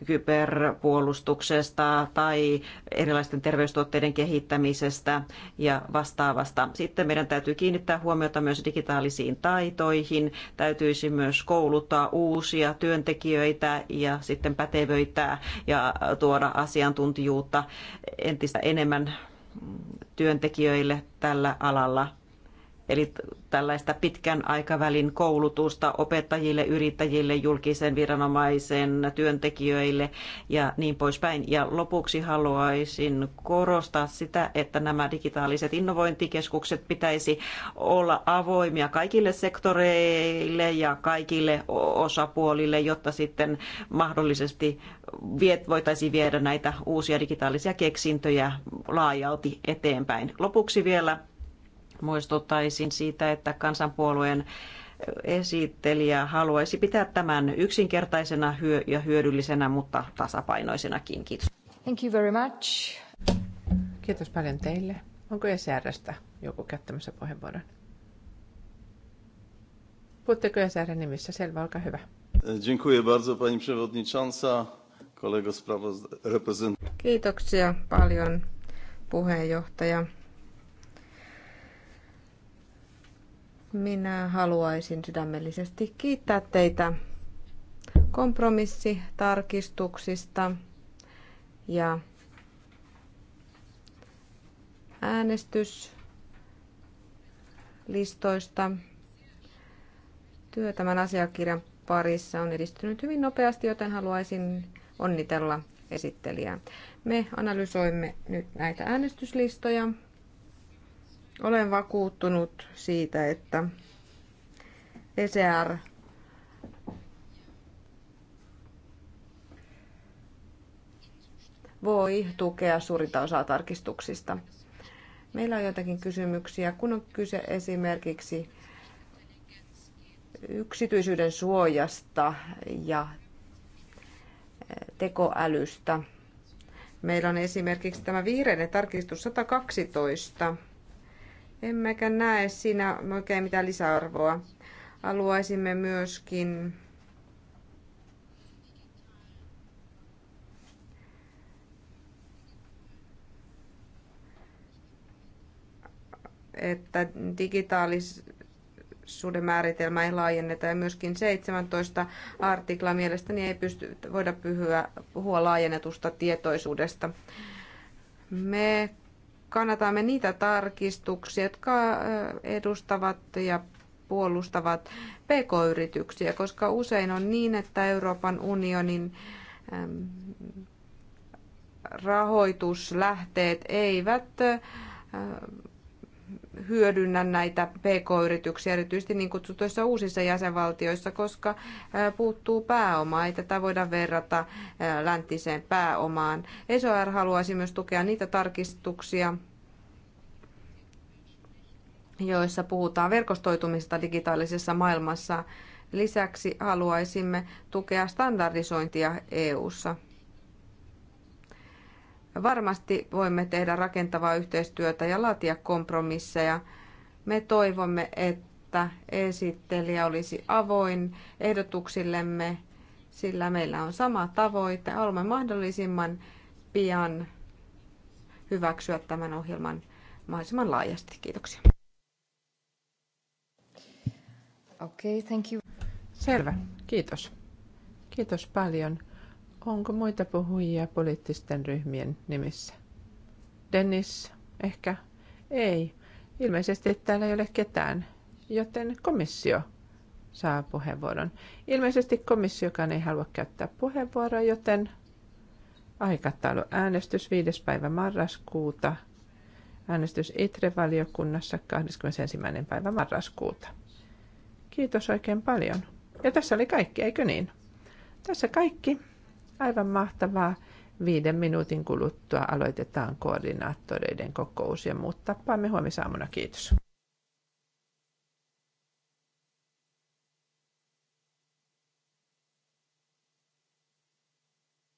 kyberpuolustuksesta tai erilaisten terveystuotteiden kehittämisestä ja vastaavasta. Sitten meidän täytyy kiinnittää huomiota myös digitaalisiin taitoihin. Täytyisi myös kouluttaa uusia työntekijöitä ja sitten pätevöittää ja tuoda asiantuntijuutta entistä enemmän työntekijöille tällä alalla Eli tällaista pitkän aikavälin koulutusta opettajille, yrittäjille, julkisen viranomaisen työntekijöille ja niin poispäin. Ja lopuksi haluaisin korostaa sitä, että nämä digitaaliset innovointikeskukset pitäisi olla avoimia kaikille sektoreille ja kaikille osapuolille, jotta sitten mahdollisesti viet, voitaisiin viedä näitä uusia digitaalisia keksintöjä laajalti eteenpäin. Lopuksi vielä muistuttaisin siitä, että kansanpuolueen esittelijä haluaisi pitää tämän yksinkertaisena ja hyödyllisenä, mutta tasapainoisenakin. Kiitos. Thank you very much. Kiitos paljon teille. Onko ECRstä joku käyttämässä puheenvuoron? Puhutteko ECRn nimissä? Selvä, olkaa hyvä. Dziękuję bardzo pani przewodnicząca, kolego Kiitoksia paljon puheenjohtaja. Minä haluaisin sydämellisesti kiittää teitä kompromissitarkistuksista ja äänestyslistoista. Työ tämän asiakirjan parissa on edistynyt hyvin nopeasti, joten haluaisin onnitella esittelijää. Me analysoimme nyt näitä äänestyslistoja. Olen vakuuttunut siitä, että ECR voi tukea suurinta osaa tarkistuksista. Meillä on joitakin kysymyksiä, kun on kyse esimerkiksi yksityisyyden suojasta ja eh, tekoälystä. Meillä on esimerkiksi tämä vihreinen tarkistus 112, Emmekä näe siinä oikein mitään lisäarvoa. Haluaisimme myöskin että digitaalisuuden määritelmä ei laajenneta ja myöskin 17 artikla mielestäni ei pysty, voida pyhyä, puhua laajennetusta tietoisuudesta. Me kannatamme niitä tarkistuksia, jotka edustavat ja puolustavat pk-yrityksiä, koska usein on niin, että Euroopan unionin rahoituslähteet eivät hyödynnä näitä pk-yrityksiä, erityisesti niin kutsutuissa uusissa jäsenvaltioissa, koska puuttuu pääomaa. Ei tätä voida verrata läntiseen pääomaan. ESOR haluaisi myös tukea niitä tarkistuksia, joissa puhutaan verkostoitumista digitaalisessa maailmassa. Lisäksi haluaisimme tukea standardisointia EU:ssa. ssa Varmasti voimme tehdä rakentavaa yhteistyötä ja laatia kompromisseja. Me toivomme, että esittelijä olisi avoin ehdotuksillemme, sillä meillä on sama tavoite. Olemme mahdollisimman pian hyväksyä tämän ohjelman mahdollisimman laajasti. Kiitoksia. okay, thank you. Selvä, kiitos. Kiitos paljon. Onko muita puhujia poliittisten ryhmien nimissä? Dennis, ehkä? Ei. Ilmeisesti täällä ei ole ketään, joten komissio saa puheenvuoron. Ilmeisesti komissiokaan ei halua käyttää puheenvuoroa, joten aikataulu äänestys 5. päivä marraskuuta. Äänestys ITRE-valiokunnassa 21. päivä marraskuuta. Kiitos oikein paljon. Ja tässä oli kaikki, eikö niin? Tässä kaikki. Aivan mahtavaa. Viiden minuutin kuluttua aloitetaan koordinaattoreiden kokous ja muut tapaamme huomisaamuna. Kiitos.